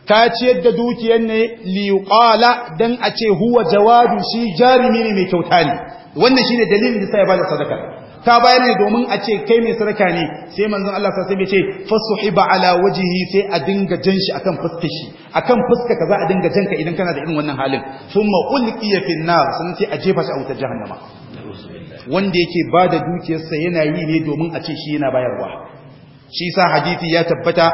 ka ciyar da dukiyar ne liqala dan a ce huwa jawadu shi jarumi ne mai kyauta ne wannan shine dalilin da sai ya sadaka Ta bayar ne domin a ce kai mai sarka ne sai manzon Allah sa sai ce fasuhiba ala wajhi sai a dinga jan shi akan fuskar shi akan fuskar ka za a dinga jan ka idan kana da irin wannan halin thumma ulqiya fi nar sun sai a jefa shi a wutar jahannama wanda yake ba bada dukiyarsa yana yi ne domin a ce shi yana bayarwa shi sa hadisi ya tabbata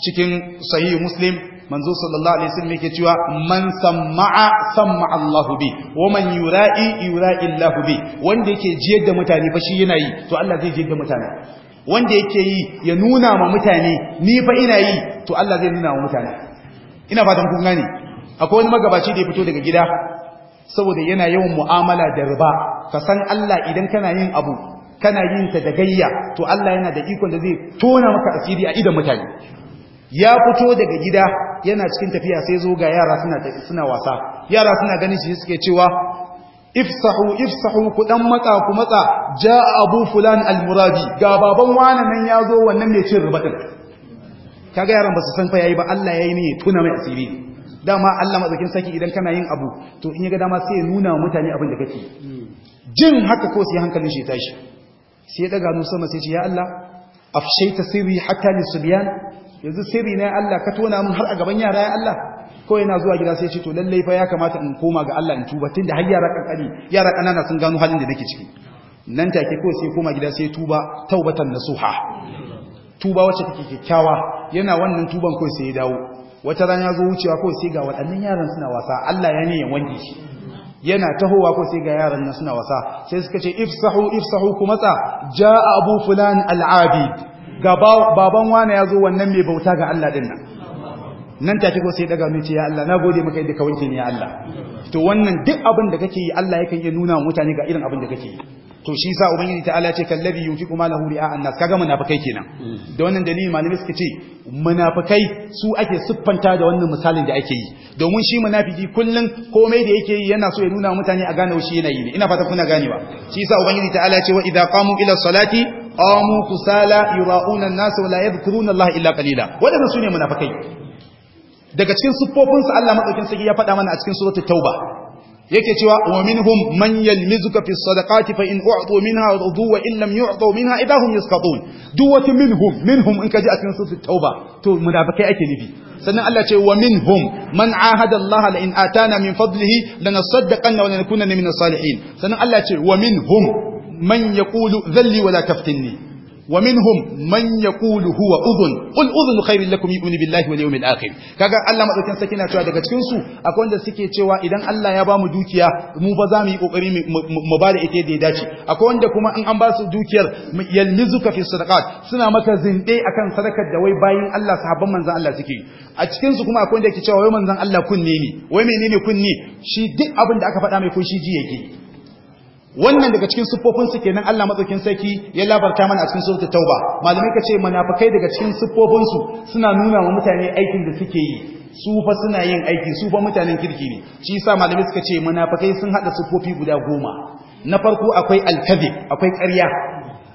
cikin sahih muslim manzo sallallahu alaihi wasallam yake cewa man sama'a sama Allahu bi wa man yura'i yura'i Allahu bi wanda yake jiyar da mutane fa shi yana yi to Allah zai jiyar da mutane wanda yake yi ya nuna ma mutane ni fa ina yi to Allah zai nuna wa mutane ina fatan kun gane akwai wani magabaci da ya fito daga gida saboda yana yawan mu'amala da riba ka san Allah idan kana yin abu kana yin ta da gayya to Allah yana da ikon da zai tona maka asiri a idan mutane ya fito daga gida yana cikin tafiya sai zo ga yara suna wasa yara suna ganin shi suke cewa ifsahu ifsahu ku dan matsa ku matsa ja abu fulan almuradi ga baban wani nan zo, wannan mai cin riba Ka kaga yaran ba su san fa yayi ba Allah yayi ne tuna mai asiri dama Allah mazakin saki idan kana yin abu to in ya ga dama sai ya nuna mutane abin da kake jin haka ko sai hankalin shi tashi sai ya daga nu sama sai ce ya Allah afshaita sirri hatta lisbiyan yanzu sirri na Allah ka tona mun har a gaban yara ya Allah kawai na zuwa gida sai ce to lallai fa ya kamata in koma ga Allah in tuba tunda har yara kankani yara kanana sun gano halin da nake ciki nan take kawai sai koma gida sai tuba taubatan nasuha tuba wacce take kyakkyawa yana wannan tuban ko sai ya dawo wata rana ya zo wucewa kawai sai ga waɗannan yaran suna wasa Allah ya ne ya wanke shi yana tahowa ko sai ga yaran nan suna wasa sai suka ce ifsahu ifsahu kuma tsa jaa abu fulan al-abid ga baban wane ya zo wannan mai bauta ga Allah din nan nan ta ko sai daga mai ce ya Allah na gode maka yadda ka wanke ni ya Allah to wannan duk abin da kake yi Allah yakan iya nuna mutane ga irin abin da kake yi to shi sa ubangiji ta Allah ce kallabi kuma lahu ri'a annas kaga munafikai kenan da wannan dalili malami suka ce munafikai su ake siffanta da wannan misalin da ake yi domin shi munafiki kullun komai da yake yi yana so ya nuna mutane a gane shi yana yi ne ina fata kuna ganewa shi sa ubangiji ta Allah ce wa idza qamu ila salati qamu kusala yura'una an-nas wa la yadhkuruna Allah illa qalila wadannan sune munafikai daga cikin siffofin su Allah madaukin saki ya faɗa mana a cikin suratul tauba yake cewa wa minhum man yalmizuka fi sadaqati fa in u'tu minha radu wa in lam yu'tu minha idahum yasqatun duk wata minhum minhum in kaji a cikin suratul tauba to munafikai ake nufi sannan Allah ce wa minhum man ahada Allah la in atana min fadlihi lanasaddaqanna wa lanakunanna minas salihin sannan Allah ce wa minhum من يقول ذلي ولا تفتني ومنهم من يقول هو أذن قل أذن خير لكم يؤمن بالله واليوم الآخر kaga Allah madaukakin saki na cewa daga cikin su akwai wanda suke cewa idan Allah ya bamu dukiya mu ba za mu yi kokari mu ba da ita da ya dace akwai wanda kuma in an ba su dukiyar yalmizuka fi sadaqat suna maka zinde akan sadakar da wai bayin Allah sahabban manzon Allah suke a cikin su kuma akwai wanda yake cewa wai manzon Allah kunne ne wai menene kunne shi duk abin da aka faɗa mai kun shi ji yake wannan daga cikin siffofin su kenan Allah matsaukin sarki ya labarta mana a cikin suratul tauba malamai kace munafikai daga cikin siffofinsu suna nuna wa mutane aikin da suke yi su fa suna yin aiki su fa mutanen kirki ne shi yasa malamai suka ce munafikai sun hada siffofi guda goma na farko akwai al akwai ƙarya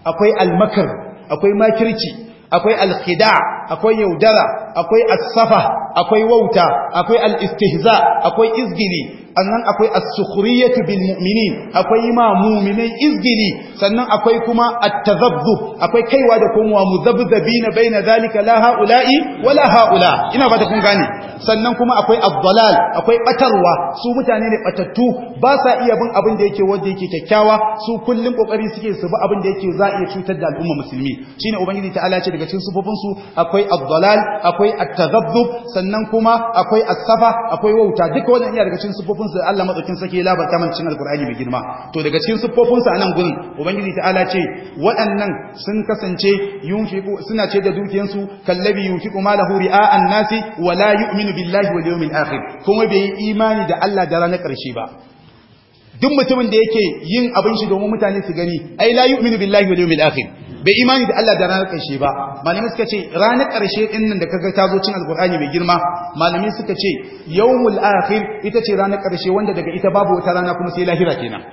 akwai almakar, akwai makirci akwai al akwai yaudara akwai asafa akwai wauta akwai al-istihza akwai izgili annan akwai Asukuriyatu bil mu'minin akwai ma mu'minai izgili sannan akwai kuma at akwai kaiwa da komowa na baina zalika la haula'i wala haula ina ba ta kun gane sannan kuma akwai ad-dalal akwai batarwa su mutane ne batattu ba sa iya bin abin da yake wanda yake kyakkyawa su kullun kokari suke su bi abin da yake za iya cutar da al'umma musulmi shine ubangiji ta'ala ce daga cikin sufufin su akwai ad-dalal akwai akwai at-taghabbub sannan kuma akwai as-safa akwai wauta duka wannan iya daga cikin siffofin sa Allah madaukin sake labarta mana cikin alqur'ani mai girma to daga cikin siffofin sa anan gurin ubangiji ta'ala ce waɗannan sun kasance yunfiqu suna ce da dukiyan su kallabi yunfiqu malahu ri'a'an nasi wa la yu'minu billahi wal yawmil akhir kuma bai yi imani da Allah da ranar karshe ba duk mutumin da yake yin abin shi domin mutane su gani ai la yu'minu billahi wal yawmil akhir bai imani da Allah da ranar ƙarshe ba malamai suka ce ranar ƙarshe din da kaga ta zo cin alƙur'ani mai girma malamai suka ce yawmul akhir ita ce ranar ƙarshe wanda daga ita babu wata rana kuma sai lahira kenan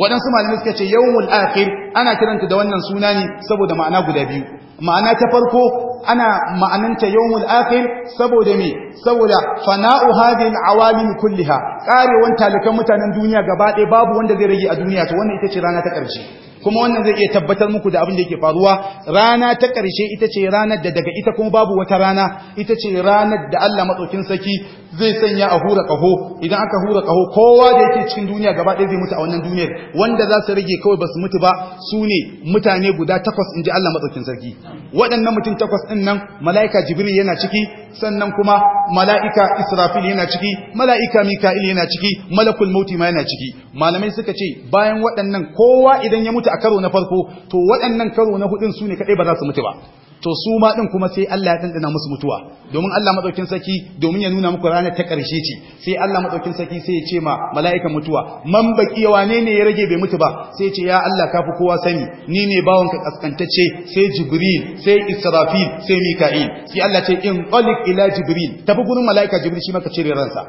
waɗansu malamai suka ce yawmul akhir ana kiranta da wannan suna ne saboda ma'ana guda biyu ma'ana ta farko ana ma'ananta yawmul akhir saboda me saboda fana'u hadhihi al kulliha karewan talikan mutanen duniya gaba ɗaya babu wanda zai rage a duniya to wannan ita ce rana ta ƙarshe kuma wannan zai iya tabbatar muku da abin da yake faruwa rana ta ƙarshe ita ce ranar da daga ita kuma babu wata rana ita ce ranar da Allah matsaukin saki zai sanya a hura ƙaho idan aka hura ƙaho kowa da yake cikin duniya gaba ɗaya zai mutu a wannan duniyar wanda za su rage kawai ba su mutu ba su ne mutane guda takwas in ji Allah matsaukin sarki waɗannan mutum takwas ɗin nan mala'ika jibril yana ciki sannan kuma mala'ika Israfil yana ciki mala'ika Mika'il yana ciki malakul mauti ma yana ciki malamai suka ce bayan waɗannan kowa idan ya mutu a karo na farko to waɗannan karo na hudun su ne kaɗai ba za su mutu ba to su ma din kuma sai Allah ya dandana musu mutuwa domin Allah madaukin saki domin ya nuna muku ranar ta karshe ce sai Allah madaukin saki sai ya ce ma mala'ikan mutuwa man baki wane ne ya rage bai mutu ba sai ya ce ya Allah kafi kowa sani ni ne bawon ka kaskantacce sai jibril sai israfil sai mika'il sai Allah ce in qalik ila jibril tafi gurin mala'ika jibril shi maka cire ransa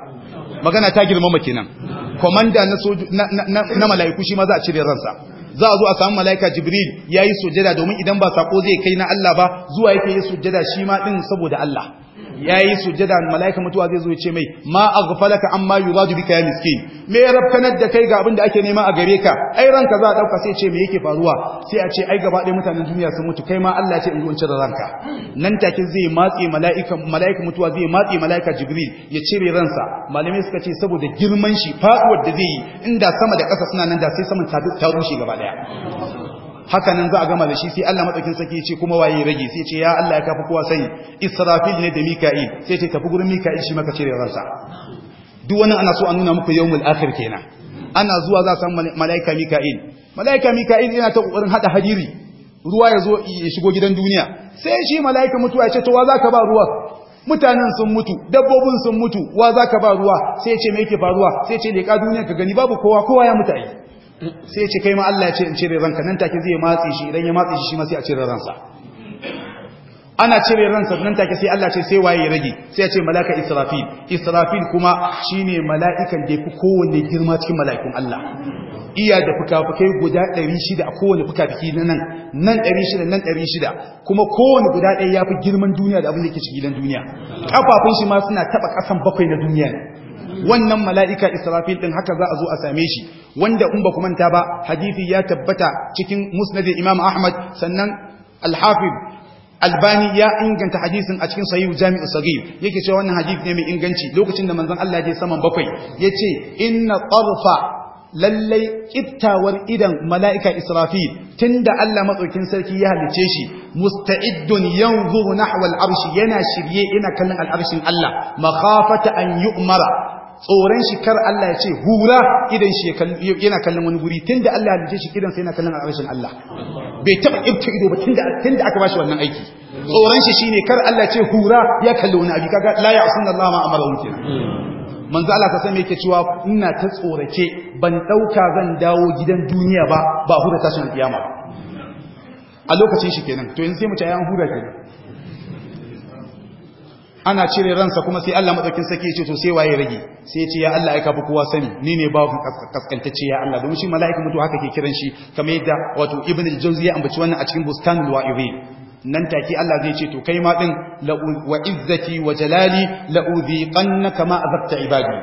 magana ta girmama kenan komanda na na mala'iku shi ma za a cire ransa za a zo a samu malaika jibril ya yi sujada domin idan ba sako zai kai na Allah ba zuwa yake yi sujada shi ma din saboda Allah yayi sujada malaika mutuwa zai zo ya ce mai ma aghfalaka amma yuradu bika ya miskin me rabkanar da kai ga abin da ake nema a gare ka ai ranka za a dauka sai ce me yake faruwa sai a ce ai gaba ɗaya mutanen duniya sun mutu kai ma Allah ya ce in zo ranka nan take zai matsi malaika mutuwa zai matse malaika jibril ya cire ransa malamai suka ce saboda girman shi faduwar da zai yi inda sama da ƙasa suna nan da sai saman ta rushe gaba ɗaya haka nan za a gama da shi sai Allah madaukin saki ya ce kuma waye rage sai ce ya Allah ya kafa kowa sani Israfil ne da Mika'il sai ce tafi gurin Mika'il shi maka cire ransa duk wannan ana so a nuna muku yawmul akhir kenan ana zuwa za san malaika Mika'il malaika Mika'il yana ta kokarin hada hadiri ruwa ya zo ya shigo gidan duniya sai shi malaika mutuwa ya ce to wa zaka ba ruwa mutanen sun mutu dabbobin sun mutu wa zaka ba ruwa sai ya ce me yake faruwa sai ya ce leka duniya ka gani babu kowa kowa ya mutu ai sai ce kai ma Allah ya ce in cire ranka nan take zai matsi shi idan ya matsi shi shi ma sai a cire ransa ana cire ransa nan take sai Allah ce sai waye ya rage sai ya ce mala'ika Israfil Israfil kuma shine mala'ikan da yafi kowanne girma cikin mala'ikun Allah iya da fukafukai guda 600 a kowanne fukafiki na nan nan 600 nan 600 kuma kowanne guda ɗaya yafi girman duniya da abin da yake cikin duniya kafafun shi ma suna taba kasan bakwai na duniya ne wannan mala'ika israfil ɗin haka za a zo a same shi wanda in ba ku manta ba hadisi ya tabbata cikin musnad imam ahmad sannan al-hafiz albani ya inganta hadisin a cikin sahihu jami'u sagir yake cewa wannan hadisi ne mai inganci lokacin da manzon Allah ya saman bakwai Ya ce inna tarfa lallai kittawar idan mala'ika israfil tunda Allah matsokin sarki ya halice shi musta'iddun yanzu nahwa al'arshi yana shirye ina kallon al'arshin Allah makhafata an yu'mara tsoron shi kar Allah ya ce hura idan shi yana kallon wani guri da Allah ya halice shi idan sai yana kallon arashin Allah bai taba ibta ido ba tun da aka bashi wannan aiki tsoron shi shine kar Allah ya ce hura ya kalli wani abi kaga la ya'sun Allah ma amara wuce manzo Allah ta san me yake cewa ina ta tsorace ban dauka zan dawo gidan duniya ba ba hura tashin kiyama a lokacin shi kenan to yanzu sai mu ci 'yan hura kenan ana cire ransa kuma sai Allah madaukin sake ya ce to sai waye rage sai ya ce ya Allah ai kafi kowa sani ni ne babu kaskantacce ya Allah domin shi mala'ika mutu haka ke kiran shi kamar yadda wato ibn al-jawzi ya ambaci wannan a cikin bustanul wa'izin nan take Allah zai ce to kai ma din la wa izzati wa jalali la udhiqannaka ma azabta ibadi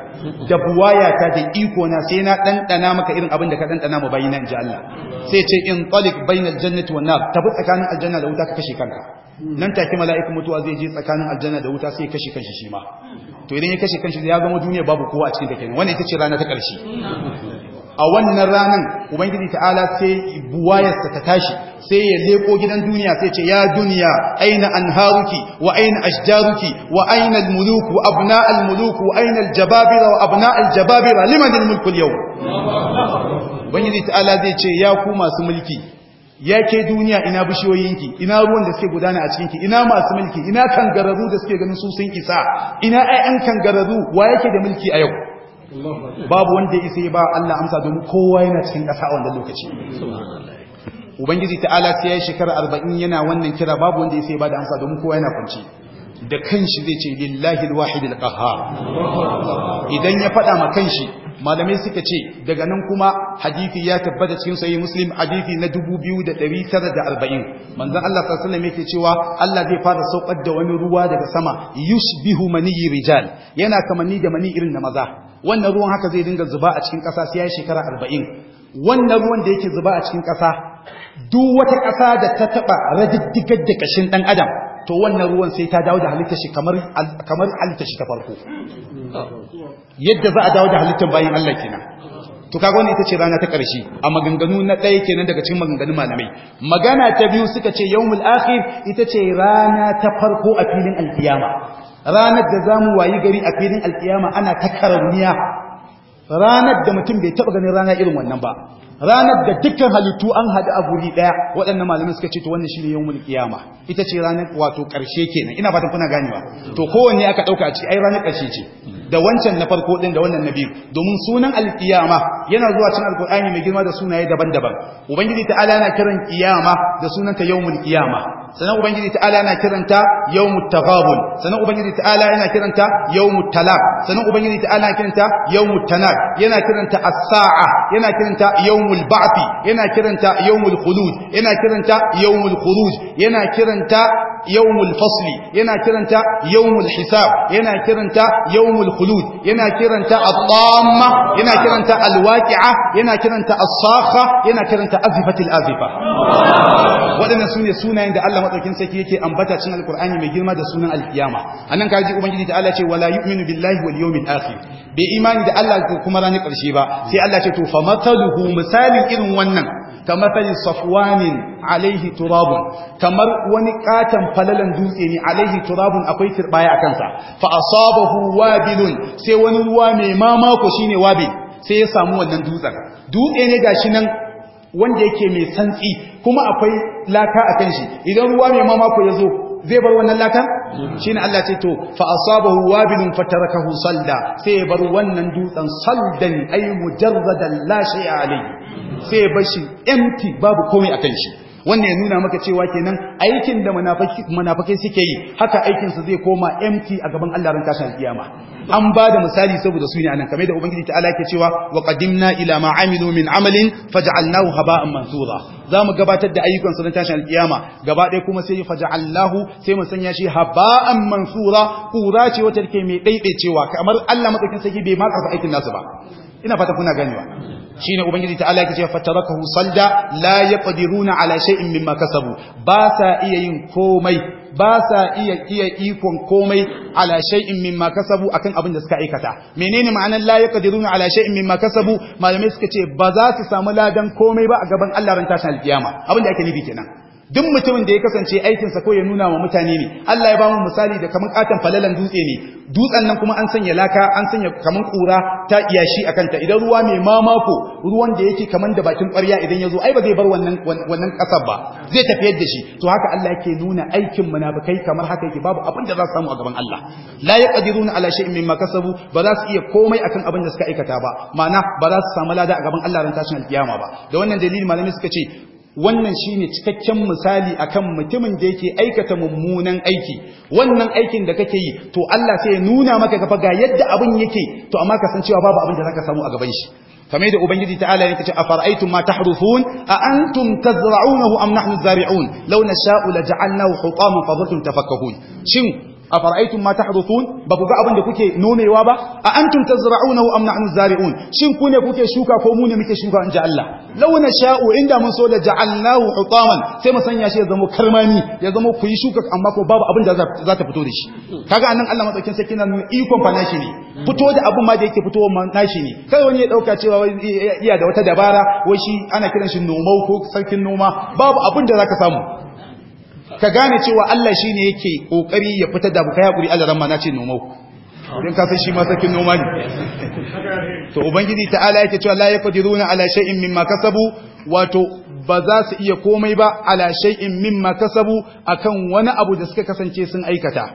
da buwaya ta da iko na sai na dandana maka irin abin da ka dandana mu bayina inji Allah sai ce in talik bainal jannati wan nar tabi tsakanin aljanna da wuta ka kashe kanka nan take mala'ika mutuwa zai je tsakanin aljanna da wuta sai ya kashe kanshi shi ma to idan ya kashe kanshi ya zama duniya babu kowa a cikin take wannan ita ce rana ta ƙarshe a wannan ranan ubangiji ta'ala sai buwayarsa ta tashi sai ya leko gidan duniya sai ce ya duniya aina anharuki wa aina ashjaruki wa aina almuluku abna almuluku aina aljababira wa abna aljababira liman almulku alyawm ubangiji ta'ala zai ce ya ku masu mulki ya ke duniya ina bishiyoyinki ina ruwan da suke gudana a cikinki ina masu mulki ina kangararru da suke ganin su sun isa ina ayyan kangararru wa yake da mulki a yau babu wanda ya isa ba Allah amsa domin kowa yana cikin ƙasa a wannan lokaci ubangiji ta'ala sai ya yi shekara arba'in yana wannan kira babu wanda ya isa ba da amsa domin kowa yana kwanci da kanshi zai ce lillahi alwahid alqahhar idan ya fada ma kanshi malamai suka ce daga nan kuma hadisi ya tabbata cikin sahih muslim hadisi na 2940 manzon Allah sallallahu yake cewa Allah zai fara saukar da wani ruwa daga sama yushbihu mani rijal yana kamanni da mani irin na maza wannan ruwan haka zai dinga zuba a cikin ƙasa sai shekara 40 wannan ruwan da yake zuba a cikin ƙasa duk wata ƙasa da ta taɓa radiddigar da kashin ɗan adam to wannan ruwan sai ta dawo da halitta shi kamar kamar shi ta farko yadda za a dawo da halittar bayan Allah kenan to kaga wannan ita ce rana ta ƙarshe a maganganu na ɗaya kenan daga cikin maganganun malamai magana ta biyu suka ce yawmul akhir ita ce rana ta farko a filin alkiyama ranar da zamu wayi gari a filin alkiyama ana ta karamiya ranar da mutum bai taba ganin rana irin wannan ba ranar da dukkan halittu an hadu a guri daya waɗannan malamai suka ce to wannan shine yawmul qiyama ita ce ranar wato karshe kenan ina fatan kuna ganewa to kowanne aka dauka a ciki ai ranar karshe ce da wancan na farko din da wannan nabi domin sunan alƙiyama yana zuwa cikin alqur'ani mai girma da sunaye daban-daban ubangiji ta'ala yana kiran qiyama da sunanta yawmul qiyama sannan ubangiji ta'ala yana kiranta yawmut taghabun sannan ubangiji ta'ala yana kiranta yawmut talaq sannan ubangiji ta'ala yana kiranta yawmut tanaq yana kiranta as-sa'a yana kiranta yawmul ba'afi yana kiranta yawmul khulud yana kiranta yawmul khuruj yana kiranta yawmul fasli yana kiranta yawmul hisab yana kiranta yawmul khulud yana kiranta at-tamma yana kiranta al-waqi'a yana kiranta as-sakha yana kiranta azifatul azifa wadannan sune sunayen da Allah madaukin sarki yake ambata cikin alqur'ani mai girma da sunan al-qiyama annan kaji ubangiji ta Allah ce wala yu'minu billahi wal yawmil akhir bai imani da Allah ko kuma ranar karshe ba sai Allah ce to fa misalin irin wannan kamathali safwanin alaihi turabun kamar wani katan falalan dutse ne alaihi turabun akwai tirbaya akan sa fa asabahu wabilun sai wani ruwa mai mamako shine wabil sai ya samu wannan dutsen dutse ne ga shi nan wanda yake mai santsi kuma akwai laka akan shi idan ruwa mai mamako ya zo zai bar wannan lakan Shin Allah ce to fa asabahu wabilun fatarakahu salda sai ya bar wannan dutsen saldan ay mujarradan la shay'a alayhi sai ya bashi empty babu komai akan shi wannan ya nuna maka cewa kenan aikin da munafikai suke yi haka aikin su zai koma empty a gaban Allah ran tashin kiyama an ba da misali saboda su ne anan kamar da ubangiji ta alake cewa wa qadimna ila ma amilu min amalin faj'alnahu haba'an mansura zamu gabatar da ayyukan su ran tashin gaba ɗaya kuma sai faj'alnahu sai mu sanya shi haba'an mansura kura ce wata take mai daidaicewa kamar Allah madaukin sarki bai ma karfa aikin nasu ba ina fata kuna ganewa shine ubangiji ta yake cewa fatarakahu salda la yaqdiruna ala shay'in mimma kasabu ba sa iya yin komai ba sa iya iya ikon komai ala shay'in mimma kasabu akan abin da suka aikata menene ma'anar la yaqdiruna ala shay'in mimma kasabu malamai suka ce ba za su samu ladan komai ba a gaban Allah ran tashin alkiyama abin da ake nufi kenan duk mutumin da ya kasance aikinsa ko ya nuna wa mutane ne Allah ya ba mu misali da kaman katon falalan dutse ne dutsen nan kuma an sanya laka an sanya kaman kura ta iyashi akan ta idan ruwa mai mamako ruwan da yake kaman da bakin ƙwarya idan ya zo ai ba zai bar wannan wannan ƙasar ba zai tafiyar da shi to haka Allah yake nuna aikin munafikai kamar haka yake babu abin da za su samu a gaban Allah la yaqdiruna ala shay'in mimma kasabu ba za su iya komai akan abin da suka aikata ba ma'ana ba za su samu lada a gaban Allah ran tashin alkiyama ba da wannan dalili malami suka ce wannan shine cikakken misali akan mutumin da yake aikata mummunan aiki wannan aikin da kake yi to Allah sai ya nuna maka kafa ga yadda abin yake to amma ka san cewa babu abin da zaka samu a gaban shi kamar da ubangiji ta'ala yake ce afara'aytum ma tahrufun a antum tazra'unahu am nahnu zari'un law nasha'u laj'alnahu hutaman fadhtum tafakkahun shin afara'aytum ma tahruthun ba ku ga abin da kuke nomewa ba a antum tazra'unahu am nahnu zari'un shin ku ne kuke shuka ko mu ne muke shuka in ji Allah law na sha'u inda mun so da ja'alnahu hutaman sai mu sanya shi ya zama karmami ya zama ku yi shuka amma ko babu abin da za ta fito da shi kaga anan Allah madaukakin sarki na ikon fa nashi ne fito da abin ma da yake fitowa ma nashi ne kai wani ya dauka cewa iya da wata dabara wai shi ana kiran shi nomau ko sarkin noma babu abin da zaka samu ka gane cewa Allah shi shine yake ƙoƙari ya fita da bukai yaƙuri Allah ran ma nace nomau don ka san shi ma sarkin noma ne to ubangiji ta'ala yake cewa la yaqdiruna ala shay'in mimma kasabu wato ba za su iya komai ba ala shay'in mimma kasabu akan wani abu da suka kasance sun aikata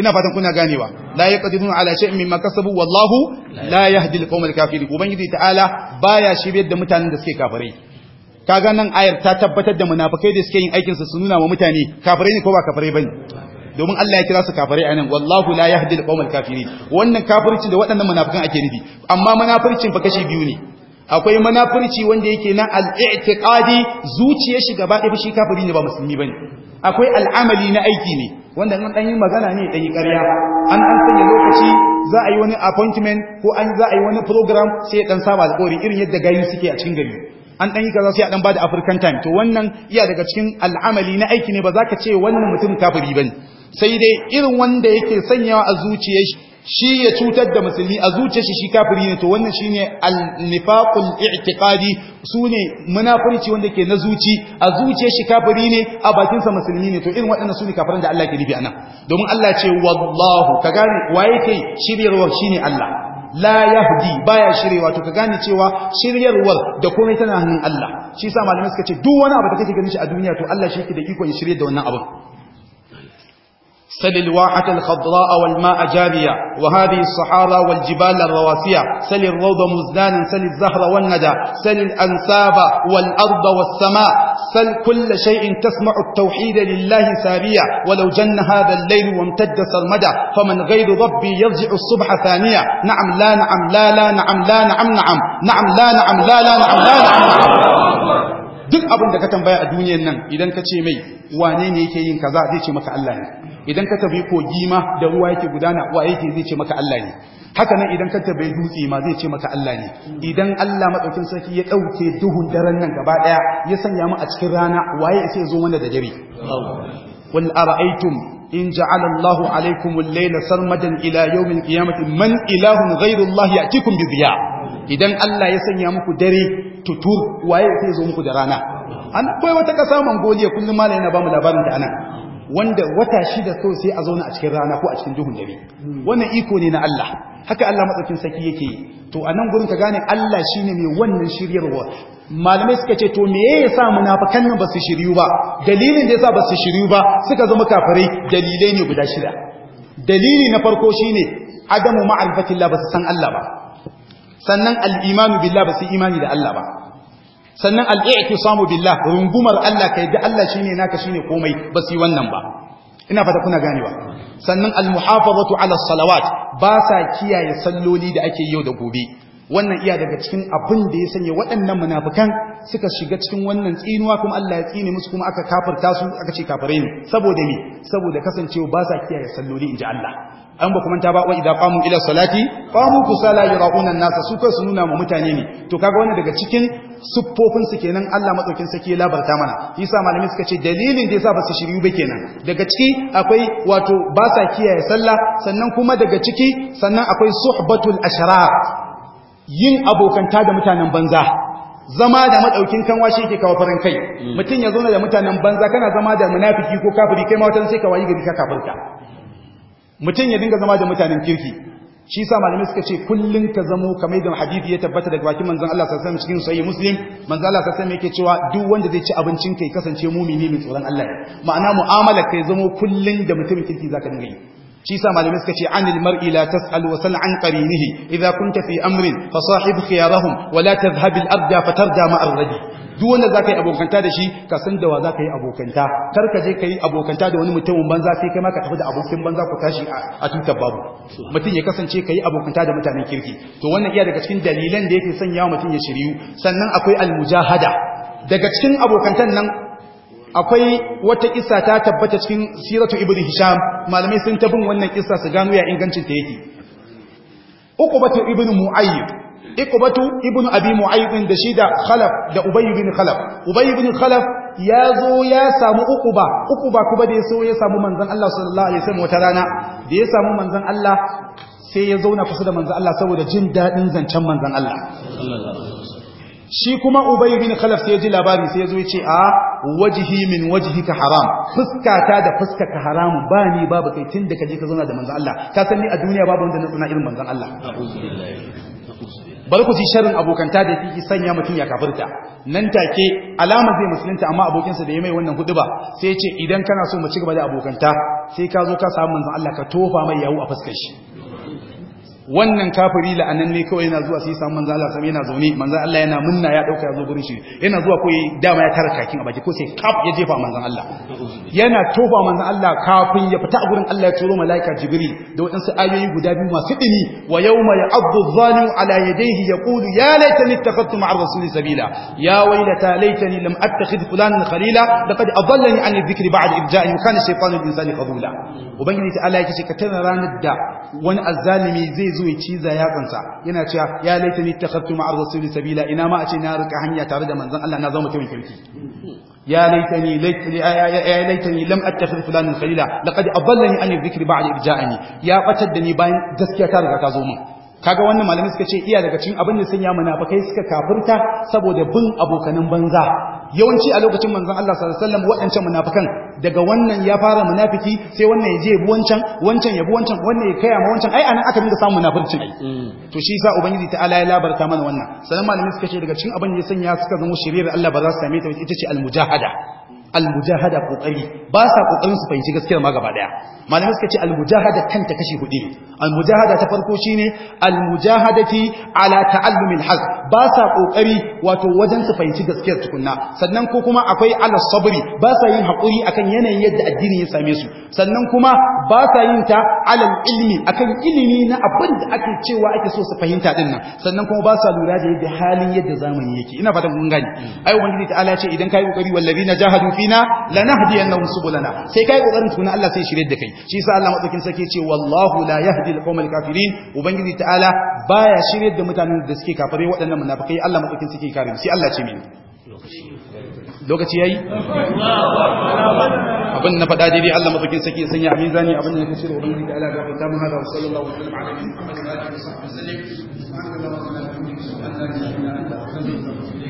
ina fatan kuna ganewa la yaqdiruna ala shay'in mimma kasabu wallahu la yahdi al-qawmal kafirin ubangiji ta'ala baya shiryar da mutanen da suke kafirai kaga nan ayar ta tabbatar da munafikai da suke yin aikin su su nuna wa mutane kafirai ne ko ba kafirai bane domin Allah ya kira su kafirai anan wallahu la yahdi al-qawmal kafirin wannan kafirci da waɗannan munafikan ake nufi amma munafircin fa kashi biyu ne akwai munafirci wanda yake na al-i'tiqadi zuciyar shi gaba ɗaya shi kafiri ne ba musulmi bane akwai al'amali na aiki ne wanda an dan yi magana ne dan yi ƙarya an an sanya lokaci za a yi wani appointment ko an za a yi wani program sai ya dan saba alƙawari irin yadda gayu suke a cikin gari an dan yi kaza sai a ba bada african time to wannan iya daga cikin al'amali na aiki ne ba za ka ce wannan mutum kafiri ne? sai dai irin wanda yake sanyawa a zuciya shi ya cutar da musulmi a zuciyar shi shi kafiri ne to wannan ne al-nifaqul i'tiqadi ne munafurci wanda ke na zuci a zuciyar shi kafiri ne a bakinsa musulmi ne to irin waɗannan ne kafiran da Allah ke nufi anan domin Allah ce wallahu ka gane waye kai shiryarwa shine Allah la yahdi baya shirewa to ka gane cewa shiryarwar da komai tana hannun Allah shi yasa malamai suka ce duk wani abu da kake ganin shi a duniya to Allah shi yake da iko ya shirye da wannan abin سل الواحة الخضراء والماء جارية وهذه الصحارى والجبال الرواسية سل الروض مزدانا سل الزهر والندى سل الأنساب والأرض والسماء سل كل شيء تسمع التوحيد لله سارية ولو جن هذا الليل وامتد سرمدا فمن غير ربي يرجع الصبح ثانية نعم لا نعم لا لا نعم لا نعم نعم نعم لا نعم لا لا نعم لا نعم, لا نعم, لا نعم duk abin da ka tambaya a duniyan nan idan ka ce mai wane ne yake yin kaza zai ce maka Allah ne idan ka tabi kogi ma da ruwa yake gudana wa yake zai ce maka Allah ne haka nan idan ka tabi dutse ma zai ce maka Allah ne idan Allah madaukin sarki ya dauke duhun daren nan gaba daya ya sanya mu a cikin rana waye yake zo mana da dare wal ra'aitum in ja'ala Allahu alaykum al-layla sarmadan ila yawm al-qiyamati man ilahun ghayru Allah ya'tikum bi dhiya' idan Allah ya sanya muku dare tutur waye sai zo muku da rana an akwai wata kasa mongoliya kullum malai na bamu labarin ta ana wanda wata shida so sai a zauna a cikin rana ko a cikin duhun dare wannan iko ne na Allah haka Allah matsakin saki yake to a nan gurin ka gane Allah shine mai wannan shiryarwa malamai suka ce to me yasa munafikan nan ba su shiryu ba dalilin da yasa ba su shiryu ba suka zama kafirai dalilai ne guda shida dalili na farko shine adamu ma'arifatillah ba su san Allah ba sannan al-imanu billah ba su imani da Allah ba sannan al samu billah rungumar Allah ka da Allah shine naka shine komai ba su yi wannan ba ina fata kuna ganewa sannan al-muhafazatu ala salawat ba sa kiyaye salloli da ake yau da gobe wannan iya daga cikin abin da ya sanya waɗannan munafikan suka shiga cikin wannan tsinuwa kuma Allah ya tsine musu kuma aka kafirta su aka ce kafare ne saboda me saboda kasancewa ba sa kiyaye salloli inji Allah an ba kuma ta ba wa idza qamu ila salati qamu kusala yuraquna an-nasa su kai su nuna ma mutane ne to kaga wannan daga cikin suffofin su kenan Allah madaukin sake ya labarta mana yasa malami suka ce dalilin da yasa ba su shiryu ba kenan daga ciki akwai wato ba sa kiyaye sallah sannan kuma daga ciki sannan akwai suhbatul Ashara. yin abokanta da mutanen banza zama da madaukin kanwa shi yake kawo farin kai mm. mutum ya zauna da mutanen banza kana zama da munafiki ko kafiri kai ma watan sai ka wayi gari ka kafirka mutum ya dinga zama da mutanen kirki shi sa malamai suka ce kullun ka zamo kamar da hadisi ya tabbata daga bakin manzon Allah sallallahu alaihi wasallam cikin sahih muslim manzon Allah sallallahu alaihi wasallam yake cewa duk wanda zai ci abincin kai kasance mumini mai tsoron Allah ma'ana mu'amalar kai zamo kullun da mutumin kirki zaka dinga yi shi sa malamai suka ce anil mar'i la tas'al wa sal an qarinihi idza kunta fi amrin fa sahib khiyarahum wa la tadhhab al abda fatarda ma ar duk wanda zaka yi abokanta da shi ka san da wa zaka yi abokanta kar ka je ka yi abokanta da wani mutumin banza sai kai ma ka tafi da abokin banza ku tashi a tutar babu mutum ya kasance ka yi abokanta da mutanen kirki to wannan iya daga cikin dalilan da yake sanya mutum ya shiryu sannan akwai almujahada daga cikin abokantan nan akwai wata kissa ta tabbata cikin siratu ibnu hisham malamai sun bin wannan kissa su gano ya ingancin ta yake Uku bata ibnu muayyib iqbatu ibnu abi mu'ayyib da shi da khalaf da ubay ibn khalaf ubay ibn khalaf ya zo ya samu ukuba, ukuba kuma da ya so ya samu manzon Allah sallallahu alaihi wasallam wata rana da ya samu manzon Allah sai ya zauna kusa da manzon Allah saboda jin dadin zancen manzon Allah shi kuma ubay ibn khalaf sai ya ji labari sai ya zo ya ce a ah, wajhi min wajhika haram fuskata da fuskaka haramu ba ni babu kai tun da kaje ka zauna da manzon Allah ka san ni a duniya babu wanda na tsana irin manzon Allah bar ku ci sharrin abokanta da fi sanya mutum ya kafirta nan take alama zai musulunta amma abokinsa da ya mai wannan huduba sai ya ce idan kana so mu ci gaba da abokanta sai ka zo ka samu manzon Allah ka tofa mai yawo a fuskar shi wannan kafiri la'anan ne kawai yana zuwa sai samu manzo Allah sami yana zaune manzan Allah yana munna ya dauka ya zo gurin shi yana zuwa koyi dama ya tara kakin a baki ko sai kaf ya jefa manzan Allah yana tofa manzan Allah kafin ya fita a gurin Allah ya turo malaika jibril da waɗansu ayoyi guda biyu masu dini wa ma ya abu dhalimu ala ya dai ya laitani ittakhadtu ma'a rasuli sabila ya waylata laitani lam da fulanan khalila laqad ni an yi dhikri ba'da idja'i kana shaytanu lil insani qadula ubangiji ta Allah yake ka tana ranar da wani azzalimi zai zo ya ciza yatsansa yana cewa ya laita ni takhattu rasuli sabila ina ma a ce na rika hanya tare da manzon Allah na zama mutumin kirki ya laita ni ya laita ni lam attakhid fulanan khalila laqad adallani an dhikri ya ɓatar da ni bayan gaskiya ta riga ta zo min kaga wannan malamai suka ce iya daga cikin abin da sun ya kai suka kafirta saboda bin abokanan banza yawanci a lokacin manzon Allah sallallahu alaihi wasallam waɗancan munafikan daga wannan ya fara munafiki sai wannan ya je ya bi wancan wancan ya bi wancan wannan ya kaya ma wancan ai anan aka dinga samun munafircin ai mm. to shi yasa ubangiji ta'ala ya labarta mana wannan sanan malamin suka ce daga cikin abin da ya sanya suka zama shirye da Allah ba za su same ta ita ce al-mujahada al-mujahada kokari ba sa kokarin su fahimci gaskiyar ma gaba daya malamai suka ce al-mujahada kanta kashi hudu ne al-mujahada ta farko shine al-mujahadati ala ta'allumil haq ba sa kokari wato wajen su fahimci gaskiyar tukunna sannan ko kuma akwai al-sabri ba sa yin hakuri akan yanayin yadda addini ya same su sannan kuma ba sa yin ta ala ilmi akan ilimi na abin da ake cewa ake so su fahimta din nan sannan kuma ba sa lura da yadda halin yadda zamani yake ina fatan kun gani ai ubangiji ta'ala ala ce idan kai kokari wallazina jahadu fi bina lanahdiyannahum subulana sai kai kokarin tuna Allah sai shirye da kai shi yasa Allah madaukin sarki ce wallahu la yahdi alqawmal kafirin ubangiji ta'ala baya shirye da mutanen da suke kafare waɗannan munafikai Allah madaukin sarki kare sai Allah ce mini lokaci yayi abin na faɗa daidai Allah madaukin sarki ya sanya amin zani abin da kace ubangiji ta'ala ga fitamu hada sallallahu alaihi wa sallam alaihi wa sallam